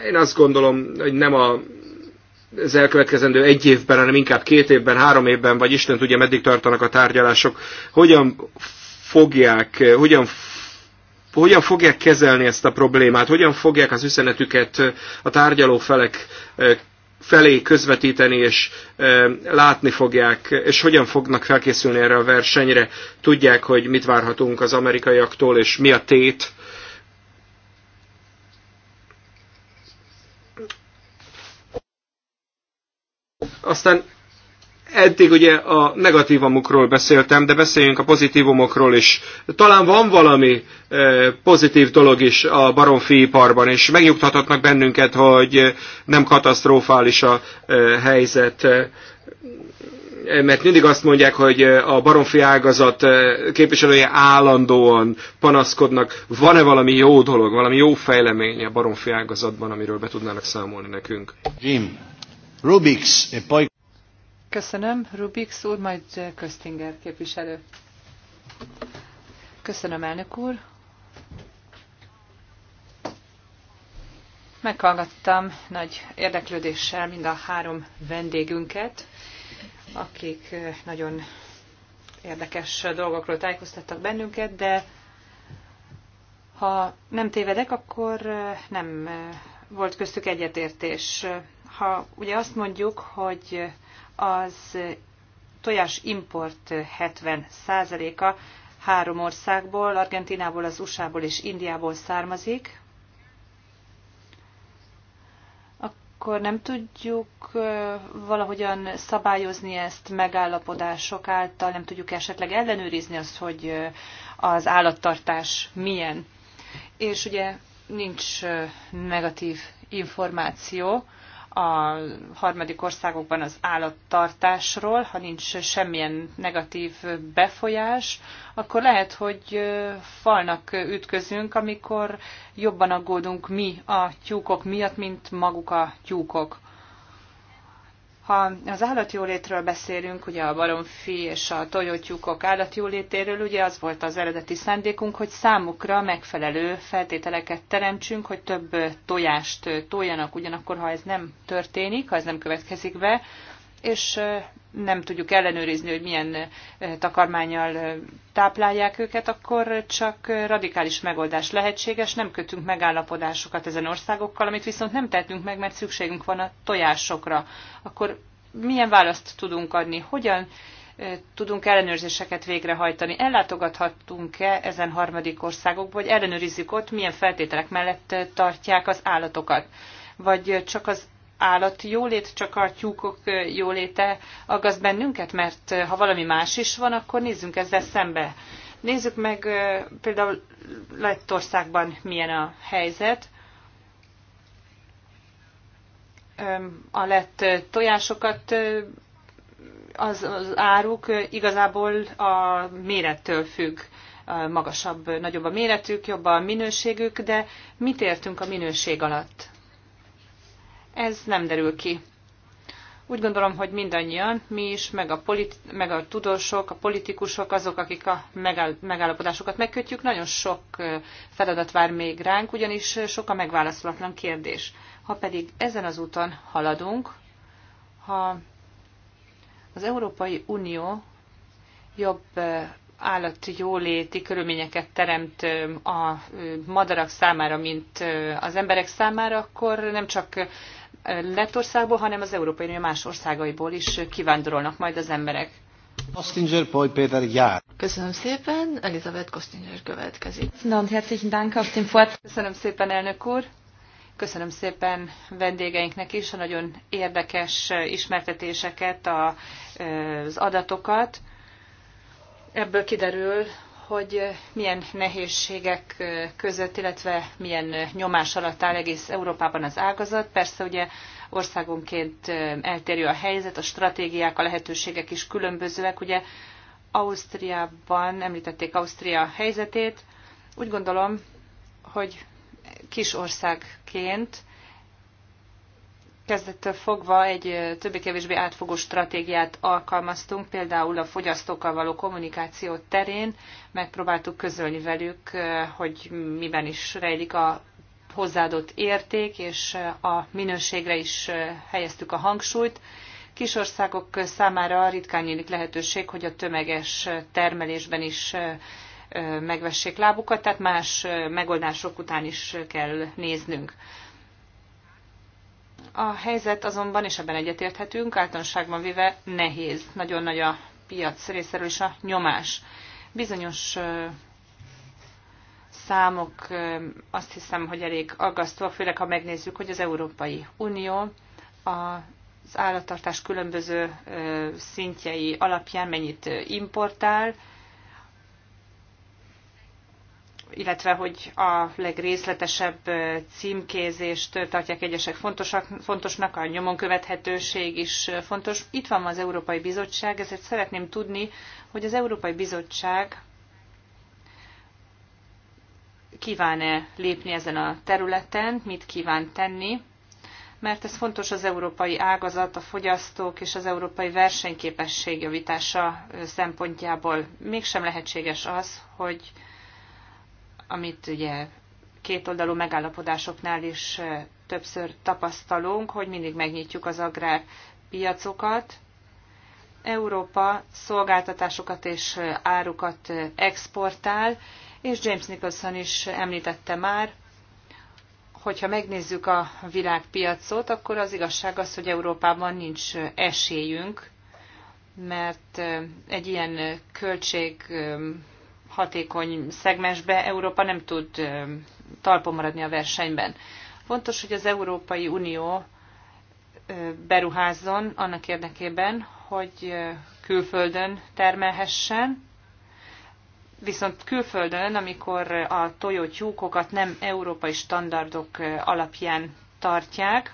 Én azt gondolom, hogy nem a az elkövetkezendő egy évben, hanem inkább két évben, három évben, vagy Isten tudja, meddig tartanak a tárgyalások, hogyan fogják, eh, hogyan hogyan fogják kezelni ezt a problémát, hogyan fogják az üzenetüket eh, a tárgyaló felek eh, felé közvetíteni, és látni fogják, és hogyan fognak felkészülni erre a versenyre, tudják, hogy mit várhatunk az amerikaiaktól, és mi a tét, Aztán eddig ugye a negatívamokról beszéltem, de beszéljünk a pozitívumokról is. Talán van valami eh, pozitív dolog is a baromfi iparban, és megnyugtathatnak bennünket, hogy nem katasztrofális a eh, helyzet eh, mert mindig azt mondják, hogy a baromfi ágazat képviselője állandóan panaszkodnak. Van-e valami jó dolog, valami jó fejlemény a baromfi ágazatban, amiről be tudnának számolni nekünk? Jim, Rubix, e poi... Köszönöm, Rubix úr, majd Köztinger képviselő. Köszönöm, elnök úr. Meghallgattam nagy érdeklődéssel mind a három vendégünket, akik eh, nagyon érdekes dolgokról tájékoztattak bennünket, de ha nem tévedek, akkor eh, nem eh, volt köztük egyetértés ha ugye azt mondjuk, hogy az tojás import 70%-a három országból, Argentinából, az USA-ból és Indiából származik, akkor nem tudjuk valahogyan szabályozni ezt megállapodások által, nem tudjuk esetleg ellenőrizni azt, hogy az állattartás milyen. És ugye nincs negatív információ, a harmadik országokban az állattartásról, ha nincs semmilyen negatív befolyás, akkor lehet, hogy falnak ütközünk, amikor jobban aggódunk mi a tyúkok miatt, mint maguk a tyúkok. Ha az állatjólétről beszélünk, ugye a baromfi és a tojótyúkok állatjólétéről, ugye az volt az eredeti szándékunk, hogy számukra megfelelő feltételeket teremtsünk, hogy több tojást toljanak, ugyanakkor ha ez nem történik, ha ez nem következik be, és nem tudjuk ellenőrizni, hogy milyen eh, takarmányjal eh, táplálják őket, akkor csak radikális megoldás lehetséges, nem kötünk megállapodásokat ezen országokkal, amit viszont nem tettünk meg, mert szükségünk van a tojásokra. Akkor milyen választ tudunk adni? Hogyan eh, tudunk ellenőrzéseket végrehajtani? Ellátogathatunk-e ezen harmadik országokba, vagy ellenőrizzük ott, milyen feltételek mellett tartják az állatokat? Vagy csak az állati jólét, csak a tyúkok jóléte aggaszt bennünket, mert eh, ha valami más is van, akkor nézzünk ezzel szembe. Nézzük meg eh, például Lettországban milyen a helyzet. A lett eh, tojásokat az, az áruk igazából a mérettől függ. Magasabb, nagyobb a méretük, jobb a minőségük, de mit értünk a minőség alatt? Ez nem derül ki. Úgy gondolom, hogy mindannyian, mi is, meg a, politi- meg a tudósok, a politikusok, azok, akik a megállapodásokat megkötjük, nagyon sok feladat vár még ránk, ugyanis sok a megválaszolatlan kérdés. Ha pedig ezen az úton haladunk, ha az Európai Unió jobb állati jóléti körülményeket teremt a madarak számára, mint az emberek számára, akkor nem csak Lettországból, hanem az Európai Unió más országaiból is kivándorolnak majd az emberek. Kostinger, poi Péter Köszönöm szépen, Elizabeth Kostinger következik. herzlichen Dank auf den Vortrag. Köszönöm szépen, elnök úr. Köszönöm szépen vendégeinknek is a nagyon érdekes ismertetéseket, az adatokat. Ebből kiderül, hogy milyen nehézségek között, illetve milyen nyomás alatt áll egész Európában az ágazat. Persze ugye országonként eltérő a helyzet, a stratégiák, a lehetőségek is különbözőek. Ugye Ausztriában említették Ausztria helyzetét. Úgy gondolom, hogy kis országként kezdettől fogva egy többé-kevésbé átfogó stratégiát alkalmaztunk, például a fogyasztókkal való kommunikáció terén megpróbáltuk közölni velük, hogy miben is rejlik a hozzáadott érték, és a minőségre is helyeztük a hangsúlyt. Kisországok számára ritkán nyílik lehetőség, hogy a tömeges termelésben is megvessék lábukat, tehát más megoldások után is kell néznünk. A helyzet azonban, és ebben egyetérthetünk, általánosságban véve nehéz. Nagyon nagy a piac részéről is a nyomás. Bizonyos számok azt hiszem, hogy elég aggasztóak, főleg ha megnézzük, hogy az Európai Unió az állattartás különböző szintjei alapján mennyit importál, illetve hogy a legrészletesebb címkézést tartják egyesek fontosak, fontosnak, a nyomon követhetőség is fontos. Itt van az Európai Bizottság, ezért szeretném tudni, hogy az Európai Bizottság kíván-e lépni ezen a területen, mit kíván tenni, mert ez fontos az európai ágazat, a fogyasztók és az európai versenyképesség javítása szempontjából. Mégsem lehetséges az, hogy amit ugye kétoldalú megállapodásoknál is többször tapasztalunk, hogy mindig megnyitjuk az agrárpiacokat. Európa szolgáltatásokat és árukat exportál, és James Nicholson is említette már, hogyha megnézzük a világpiacot, akkor az igazság az, hogy Európában nincs esélyünk, mert egy ilyen költség hatékony szegmensbe Európa nem tud talpon maradni a versenyben. Fontos, hogy az Európai Unió beruházzon annak érdekében, hogy külföldön termelhessen, viszont külföldön, amikor a tojótyúkokat nem európai standardok alapján tartják,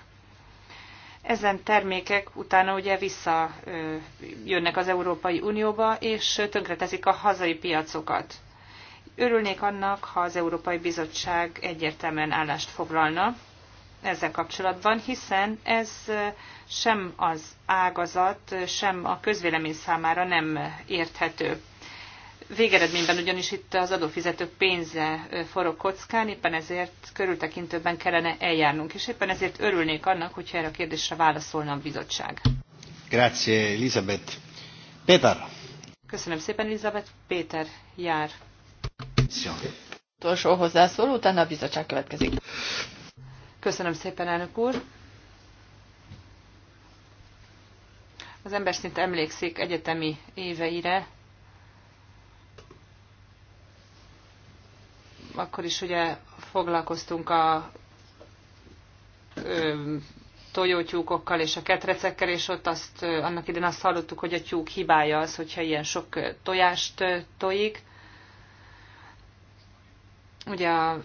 ezen termékek utána ugye visszajönnek az Európai Unióba, és tönkreteszik a hazai piacokat. Örülnék annak, ha az Európai Bizottság egyértelműen állást foglalna ezzel kapcsolatban, hiszen ez sem az ágazat, sem a közvélemény számára nem érthető. Végeredményben ugyanis itt az adófizetők pénze forog kockán, éppen ezért körültekintőbben kellene eljárnunk, és éppen ezért örülnék annak, hogyha erre a kérdésre válaszolna a bizottság. Grazie, Elizabeth. Péter. Köszönöm szépen, Elizabeth. Péter jár. Utolsó hozzászóló, utána a bizottság következik. Köszönöm szépen, elnök úr. Az ember szinte emlékszik egyetemi éveire, akkor is ugye foglalkoztunk a tojótyúkokkal és a ketrecekkel, és ott azt, annak idén azt hallottuk, hogy a tyúk hibája az, hogyha ilyen sok tojást tojik. Ugye a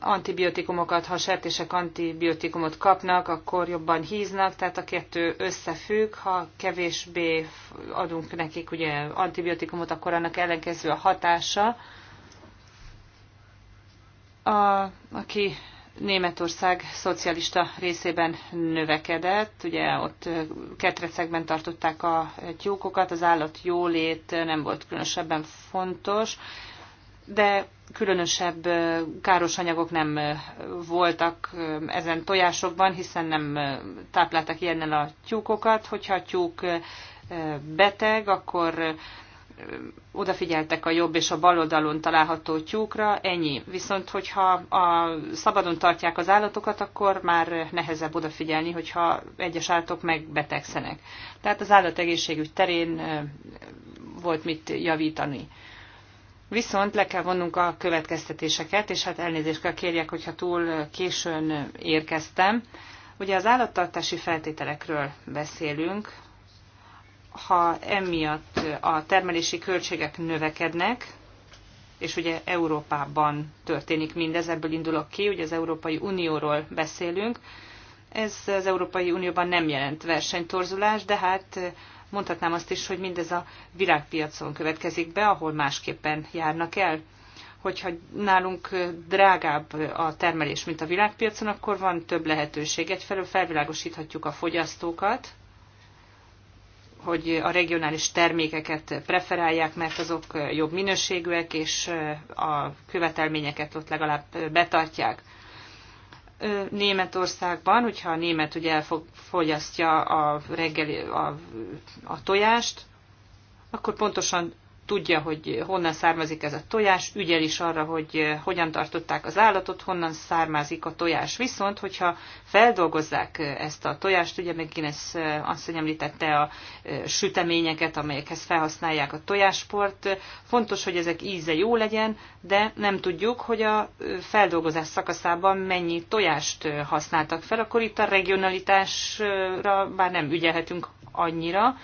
antibiotikumokat, ha a sertések antibiotikumot kapnak, akkor jobban híznak, tehát a kettő összefügg, ha kevésbé adunk nekik ugye antibiotikumot, akkor annak ellenkező a hatása a, aki Németország szocialista részében növekedett. Ugye ott ketrecekben tartották a tyúkokat, az állat jólét nem volt különösebben fontos, de különösebb káros anyagok nem voltak ezen tojásokban, hiszen nem tápláltak ilyennel a tyúkokat. Hogyha a tyúk beteg, akkor odafigyeltek a jobb és a bal oldalon található tyúkra, ennyi. Viszont, hogyha a szabadon tartják az állatokat, akkor már nehezebb odafigyelni, hogyha egyes állatok megbetegszenek. Tehát az állategészségügy terén volt mit javítani. Viszont le kell vonnunk a következtetéseket, és hát elnézést kell kérjek, hogyha túl későn érkeztem. Ugye az állattartási feltételekről beszélünk, ha emiatt a termelési költségek növekednek, és ugye Európában történik mindez, ebből indulok ki, ugye az Európai Unióról beszélünk, ez az Európai Unióban nem jelent versenytorzulás, de hát mondhatnám azt is, hogy mindez a világpiacon következik be, ahol másképpen járnak el. Hogyha nálunk drágább a termelés, mint a világpiacon, akkor van több lehetőség. Egyfelől felvilágosíthatjuk a fogyasztókat, hogy a regionális termékeket preferálják, mert azok jobb minőségűek, és a követelményeket ott legalább betartják. Németországban, hogyha a német ugye elfogyasztja a, reggeli, a, a tojást, akkor pontosan tudja, hogy honnan származik ez a tojás, ügyel is arra, hogy eh, hogyan tartották az állatot, honnan származik a tojás. Viszont, hogyha feldolgozzák eh, ezt a tojást, ugye meg Guinness eh, asszony említette a süteményeket, amelyekhez felhasználják a tojásport, fontos, hogy ezek íze jó legyen, de nem tudjuk, hogy a feldolgozás szakaszában mennyi tojást használtak fel, akkor itt a regionalitásra bár nem ügyelhetünk annyira,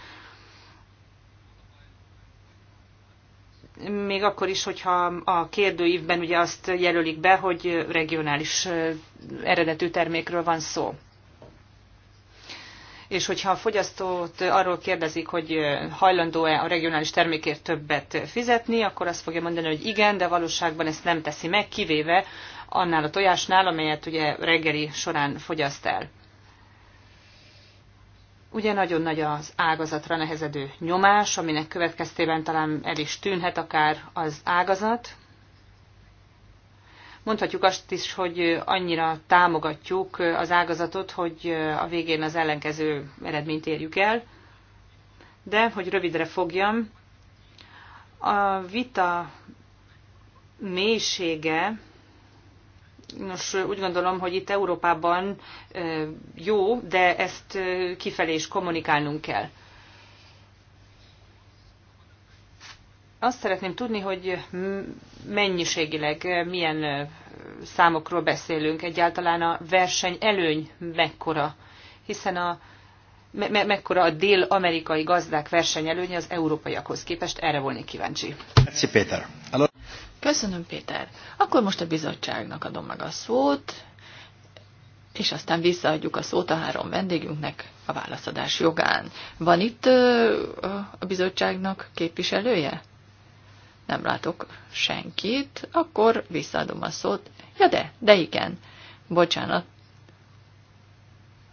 még akkor is, hogyha a kérdőívben ugye azt jelölik be, hogy regionális eredetű termékről van szó. És hogyha a fogyasztót arról kérdezik, hogy hajlandó-e a regionális termékért többet fizetni, akkor azt fogja mondani, hogy igen, de valóságban ezt nem teszi meg, kivéve annál a tojásnál, amelyet ugye reggeli során fogyaszt el. Ugye nagyon nagy az ágazatra nehezedő nyomás, aminek következtében talán el is tűnhet akár az ágazat. Mondhatjuk azt is, hogy annyira támogatjuk az ágazatot, hogy a végén az ellenkező eredményt érjük el. De, hogy rövidre fogjam, a vita mélysége Nos, úgy gondolom, hogy itt Európában jó, de ezt kifelé is kommunikálnunk kell. Azt szeretném tudni, hogy mennyiségileg milyen számokról beszélünk, egyáltalán a verseny előny mekkora, hiszen a me- me- mekkora a dél-amerikai gazdák versenyelőnye az európaiakhoz képest, erre volnék kíváncsi. Péter. Köszönöm, Péter. Akkor most a bizottságnak adom meg a szót, és aztán visszaadjuk a szót a három vendégünknek a válaszadás jogán. Van itt a bizottságnak képviselője? Nem látok senkit, akkor visszaadom a szót. Ja de, de igen. Bocsánat.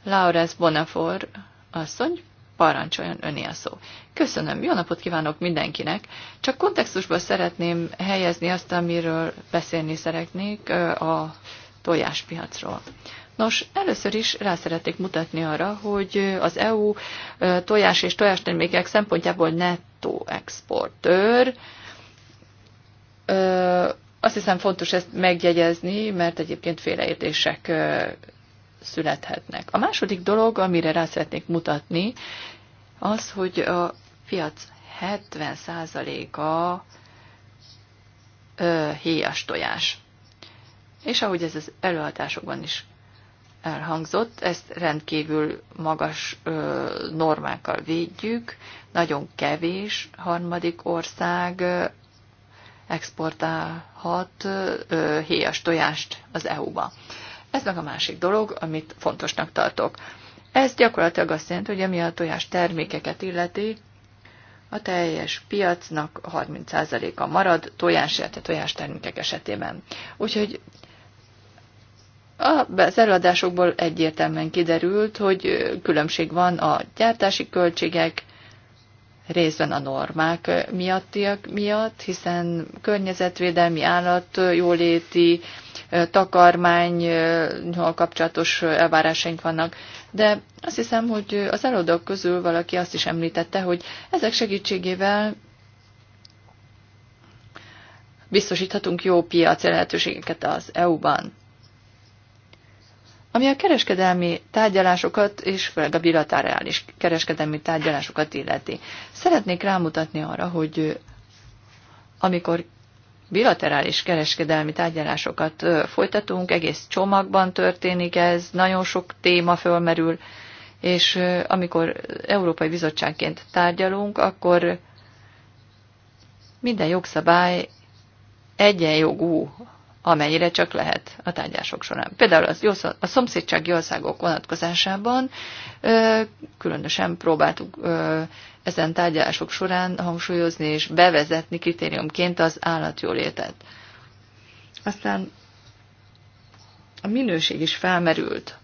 Laura Bonafor asszony, Parancsoljon öné a szó. Köszönöm, jó napot kívánok mindenkinek. Csak kontextusban szeretném helyezni azt, amiről beszélni szeretnék a tojáspiacról. Nos, először is rá szeretnék mutatni arra, hogy az EU tojás és tojástermékek szempontjából nettó exportőr. Azt hiszem fontos ezt megjegyezni, mert egyébként félreértések születhetnek. A második dolog, amire rá szeretnék mutatni, az, hogy a piac 70%-a héjas tojás. És ahogy ez az előadásokban is elhangzott, ezt rendkívül magas ö, normákkal védjük, nagyon kevés harmadik ország ö, exportálhat ö, héjas tojást az EU-ba. Ez meg a másik dolog, amit fontosnak tartok. Ez gyakorlatilag azt jelenti, hogy ami a tojás termékeket illeti, a teljes piacnak 30%-a marad tojás, illetve tojás termékek esetében. Úgyhogy az előadásokból egyértelműen kiderült, hogy különbség van a gyártási költségek, részben a normák miattiak miatt, hiszen környezetvédelmi, jóléti takarmányhol kapcsolatos elvárásaink vannak. De azt hiszem, hogy az előadók közül valaki azt is említette, hogy ezek segítségével biztosíthatunk jó piaci lehetőségeket az EU-ban. Ami a kereskedelmi tárgyalásokat és főleg a bilaterális kereskedelmi tárgyalásokat illeti. Szeretnék rámutatni arra, hogy amikor bilaterális kereskedelmi tárgyalásokat folytatunk, egész csomagban történik ez, nagyon sok téma fölmerül, és amikor Európai Bizottságként tárgyalunk, akkor minden jogszabály egyenjogú, amennyire csak lehet a tárgyások során. Például az, a szomszédsági országok vonatkozásában különösen próbáltuk ezen tárgyalások során hangsúlyozni és bevezetni kritériumként az állatjólétet. Aztán a minőség is felmerült.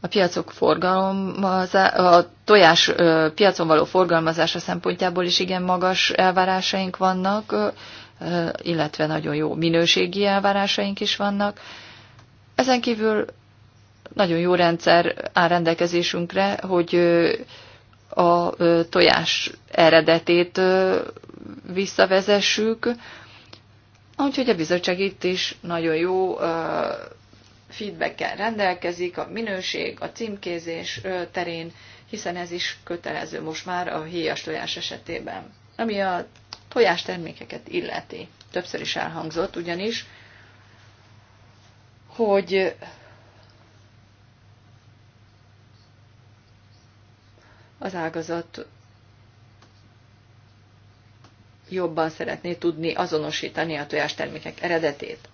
A piacok forgalmazása, a tojás piacon való forgalmazása szempontjából is igen magas elvárásaink vannak, illetve nagyon jó minőségi elvárásaink is vannak. Ezen kívül nagyon jó rendszer áll rendelkezésünkre, hogy a tojás eredetét visszavezessük. Úgyhogy a bizottság itt is nagyon jó feedbackkel rendelkezik a minőség, a címkézés terén, hiszen ez is kötelező most már a héjas tojás esetében. Ami a tojás termékeket illeti, többször is elhangzott ugyanis, hogy az ágazat jobban szeretné tudni azonosítani a tojástermékek eredetét.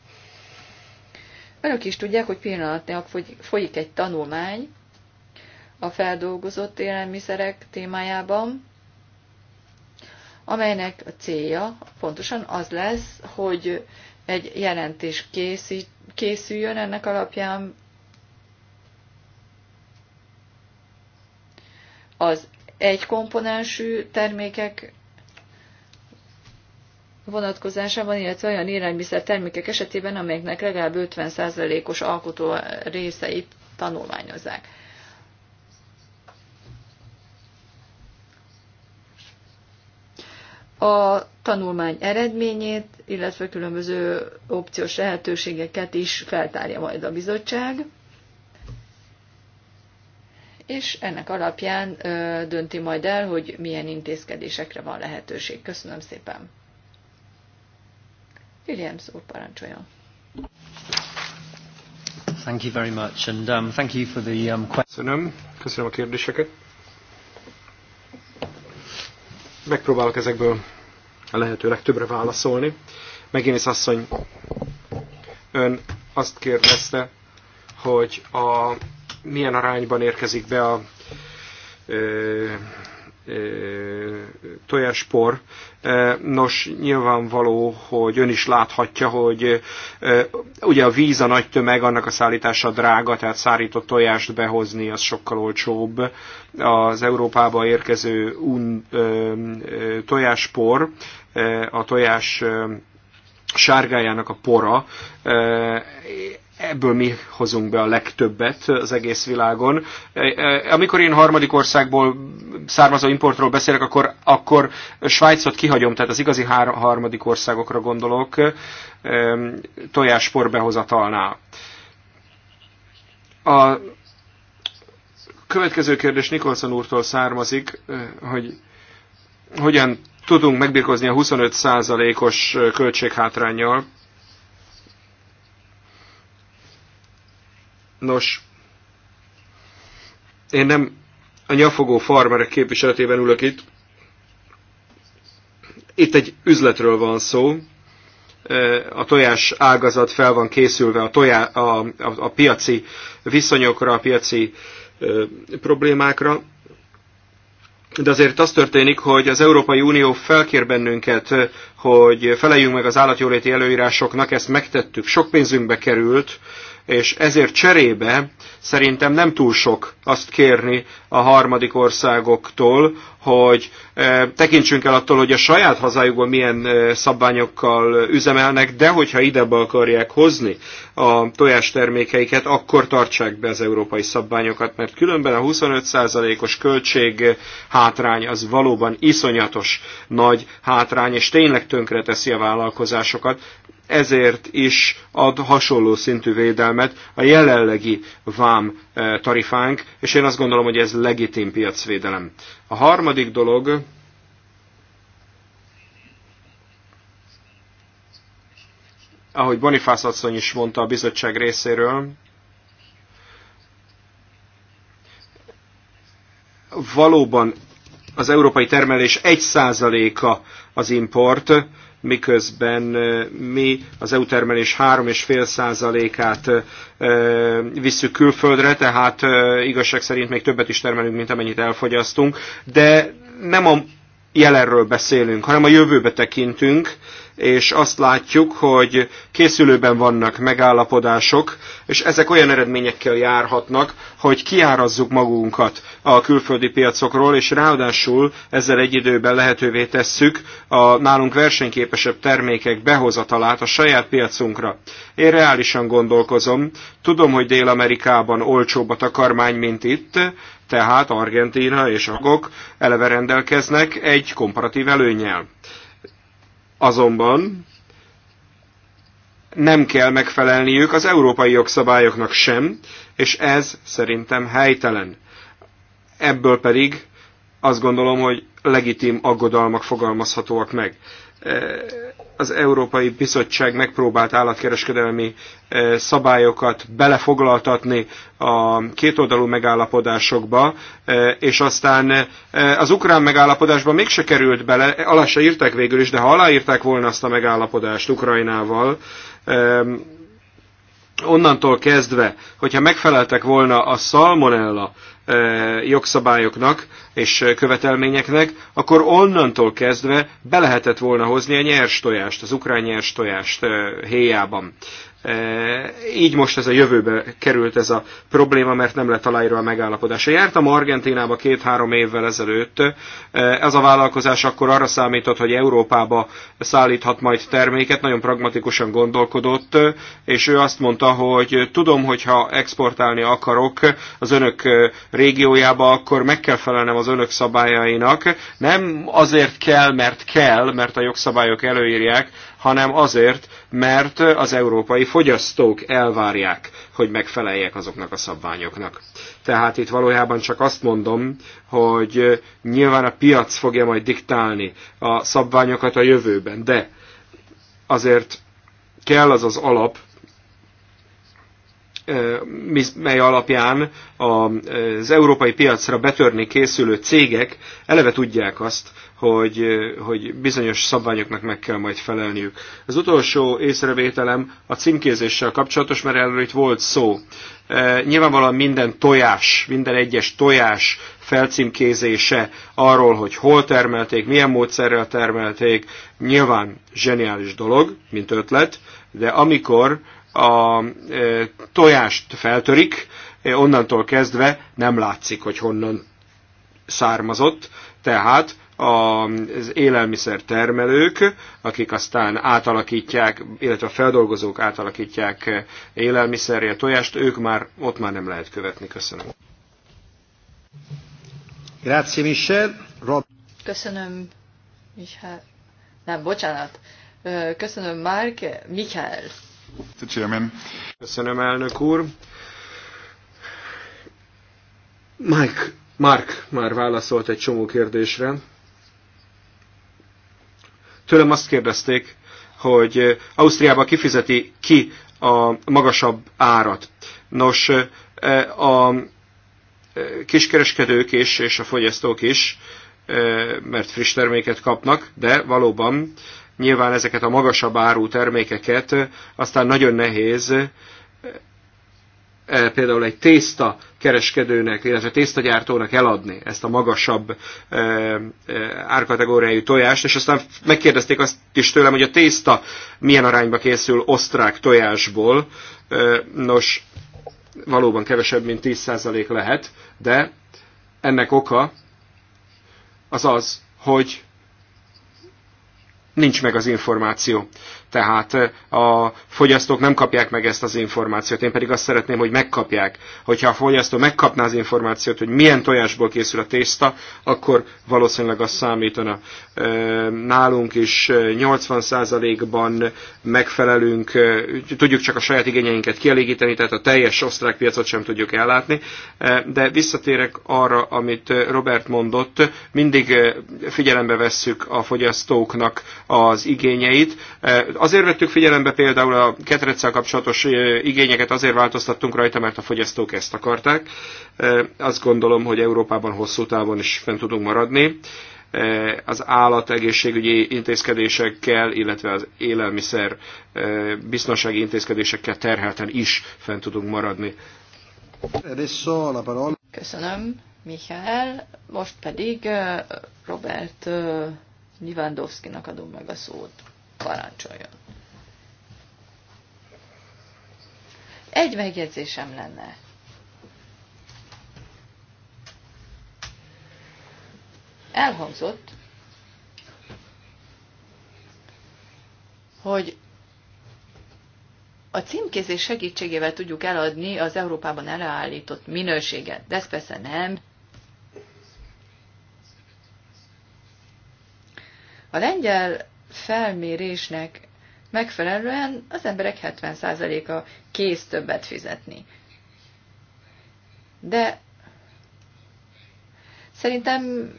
Önök is tudják, hogy pillanatnyilag folyik egy tanulmány a feldolgozott élelmiszerek témájában, amelynek a célja pontosan az lesz, hogy egy jelentés készít, készüljön ennek alapján az egykomponensű termékek vonatkozásában, illetve olyan élelmiszer termékek esetében, amelyeknek legalább 50%-os alkotó részeit tanulmányozzák. A tanulmány eredményét, illetve különböző opciós lehetőségeket is feltárja majd a bizottság és ennek alapján dönti majd el, hogy milyen intézkedésekre van lehetőség. Köszönöm szépen. Williams úr, parancsoljon. Thank you very much, and um, thank you for the um, Köszönöm. Köszönöm a kérdéseket. Megpróbálok ezekből a lehető legtöbbre válaszolni. Megénész asszony, ön azt kérdezte, hogy a milyen arányban érkezik be a ö, ö, tojáspor. Nos, nyilvánvaló, hogy ön is láthatja, hogy ö, ugye a víz a nagy tömeg, annak a szállítása drága, tehát szárított tojást behozni az sokkal olcsóbb. Az Európába érkező un, ö, ö, tojáspor, a tojás sárgájának a pora ebből mi hozunk be a legtöbbet az egész világon. E, e, amikor én harmadik országból származó importról beszélek, akkor, akkor Svájcot kihagyom, tehát az igazi harmadik országokra gondolok e, tojáspor behozatalnál. A következő kérdés Nikolson úrtól származik, hogy hogyan tudunk megbírkozni a 25%-os költséghátrányjal, Nos, én nem a nyafogó farmerek képviseletében ülök itt. Itt egy üzletről van szó. E, a tojás ágazat fel van készülve a, tojá, a, a, a piaci viszonyokra, a piaci ö, e, problémákra. De azért az történik, hogy az Európai Unió felkér bennünket, e, hogy feleljünk meg az állatjóléti előírásoknak, ezt megtettük, sok pénzünkbe került, és ezért cserébe szerintem nem túl sok azt kérni a harmadik országoktól, hogy e, tekintsünk el attól, hogy a saját hazájukban milyen e, szabványokkal üzemelnek, de hogyha be akarják hozni a tojástermékeiket, akkor tartsák be az európai szabványokat, mert különben a 25%-os költség hátrány az valóban iszonyatos nagy hátrány, és tényleg tönkreteszi a vállalkozásokat, ezért is ad hasonló szintű védelmet a jelenlegi vám eh, tarifánk, és én azt gondolom, hogy ez legitim piacvédelem. A harmadik dolog, ahogy Bonifász asszony is mondta a bizottság részéről, valóban az európai termelés 1%-a az import, miközben mi az EU termelés 3,5%-át visszük külföldre, tehát igazság szerint még többet is termelünk, mint amennyit elfogyasztunk, de nem a jelenről beszélünk, hanem a jövőbe tekintünk, és azt látjuk, hogy készülőben vannak megállapodások, és ezek olyan eredményekkel járhatnak, hogy kiárazzuk magunkat a külföldi piacokról, és ráadásul ezzel egy időben lehetővé tesszük a nálunk versenyképesebb termékek behozatalát a saját piacunkra. Én reálisan gondolkozom, tudom, hogy Dél-Amerikában olcsóbb a takarmány, mint itt, tehát Argentína és Agok eleve rendelkeznek egy komparatív előnyel. Azonban nem kell megfelelniük az európai jogszabályoknak sem, és ez szerintem helytelen. Ebből pedig azt gondolom, hogy legitim aggodalmak fogalmazhatóak meg az Európai Bizottság megpróbált állatkereskedelmi eh, szabályokat belefoglaltatni a kétoldalú megállapodásokba, eh, és aztán eh, az ukrán még mégse került bele, alá se írták végül is, de ha aláírták volna azt a megállapodást Ukrajnával, onnantól kezdve, hogyha megfeleltek volna a szalmonella jogszabályoknak és követelményeknek, akkor onnantól kezdve be lehetett volna hozni a nyers tojást, az ukrán nyers tojást héjában. Így most ez a jövőbe került ez a probléma, mert nem lett aláírva a megállapodás. Jártam Argentinába két-három évvel ezelőtt. Ez a vállalkozás akkor arra számított, hogy Európába szállíthat majd terméket, nagyon pragmatikusan gondolkodott, és ő azt mondta, hogy tudom, hogy ha exportálni akarok az önök régiójába, akkor meg kell felelnem az önök szabályainak. Nem azért kell, mert kell, mert a jogszabályok előírják, hanem azért, mert az európai fogyasztók elvárják, hogy megfeleljek azoknak a szabványoknak. Tehát itt valójában csak azt mondom, hogy nyilván a piac fogja majd diktálni a szabványokat a jövőben, de azért kell az az alap, mely alapján az európai piacra betörni készülő cégek eleve tudják azt, hogy, hogy bizonyos szabványoknak meg kell majd felelniük. Az utolsó észrevételem a címkézéssel kapcsolatos, mert erről itt volt szó. E, nyilvánvalóan minden tojás, minden egyes tojás felcímkézése arról, hogy hol termelték, milyen módszerrel termelték, nyilván zseniális dolog, mint ötlet, de amikor a e, tojást feltörik, e, onnantól kezdve nem látszik, hogy honnan származott, tehát az termelők, akik aztán átalakítják, illetve a feldolgozók átalakítják élelmiszerre a tojást, ők már ott már nem lehet követni. Köszönöm. Grazie, Michel. Rob... Köszönöm, Michel. Nem, bocsánat. Köszönöm, Mark. Michael. Köszönöm, elnök úr. Mike, Mark már válaszolt egy csomó kérdésre. Tőlem azt kérdezték, hogy eh, Ausztriában kifizeti ki a magasabb árat. Nos, eh, a eh, kiskereskedők is, és a fogyasztók is, mert friss terméket kapnak, de valóban nyilván ezeket a magasabb árú termékeket aztán nagyon nehéz E, például egy tészta kereskedőnek, illetve tésztagyártónak eladni ezt a magasabb e, e, árkategóriájú tojást, és aztán megkérdezték azt is tőlem, hogy a tészta milyen arányba készül osztrák tojásból. Nos, valóban kevesebb, mint 10% lehet, de ennek oka az az, hogy nincs meg az információ. Tehát a fogyasztók nem kapják meg ezt az információt, én pedig azt szeretném, hogy megkapják. Hogyha a fogyasztó megkapná az információt, hogy milyen tojásból készül a tészta, akkor valószínűleg azt számítana. Nálunk is 80%-ban megfelelünk, tudjuk csak a saját igényeinket kielégíteni, tehát a teljes osztrák piacot sem tudjuk ellátni, de visszatérek arra, amit Robert mondott, mindig figyelembe vesszük a fogyasztóknak az igényeit, Azért vettük figyelembe például a ketreccel kapcsolatos igényeket, azért változtattunk rajta, mert a fogyasztók ezt akarták. Azt gondolom, hogy Európában hosszú távon is fent tudunk maradni az állategészségügyi intézkedésekkel, illetve az élelmiszer biztonsági intézkedésekkel terhelten is fent tudunk maradni. Köszönöm, Michael. Most pedig Robert nak adom meg a szót. Parancsoljon. Egy megjegyzésem lenne. Elhangzott, hogy a címkézés segítségével tudjuk eladni az Európában előállított minőséget, de ez persze nem. A lengyel felmérésnek megfelelően az emberek 70%-a kész többet fizetni. De szerintem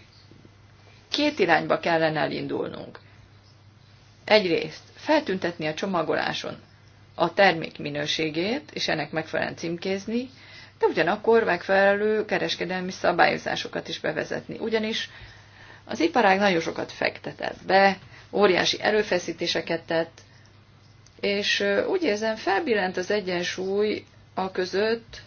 két irányba kellene elindulnunk. Egyrészt feltüntetni a csomagoláson a termék minőségét, és ennek megfelelően címkézni, de ugyanakkor megfelelő kereskedelmi szabályozásokat is bevezetni. Ugyanis az iparág nagyon sokat fektetett be óriási erőfeszítéseket tett, és úgy érzem, felbillent az egyensúly a között,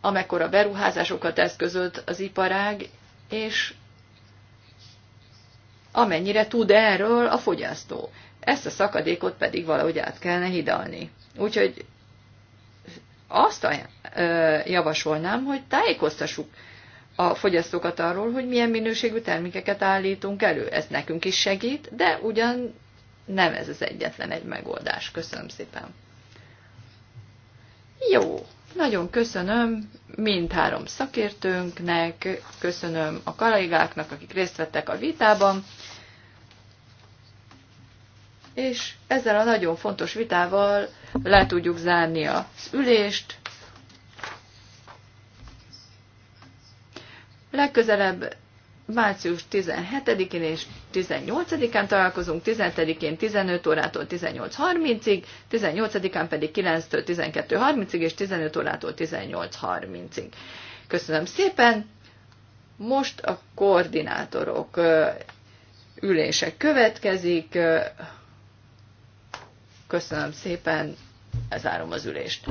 a beruházásokat eszközölt az iparág, és amennyire tud erről a fogyasztó. Ezt a szakadékot pedig valahogy át kellene hidalni. Úgyhogy azt javasolnám, hogy tájékoztassuk a fogyasztókat arról, hogy milyen minőségű termékeket állítunk elő. Ez nekünk is segít, de ugyan nem ez az egyetlen egy megoldás. Köszönöm szépen. Jó, nagyon köszönöm mindhárom szakértőnknek, köszönöm a kollégáknak, akik részt vettek a vitában, és ezzel a nagyon fontos vitával le tudjuk zárni az ülést. Legközelebb március 17-én és 18-án találkozunk, 17-én 15 órától 18.30-ig, 18-án pedig 9-től 12.30-ig és 15 órától 18.30-ig. Köszönöm szépen! Most a koordinátorok ülése következik. Köszönöm szépen, ezárom az ülést.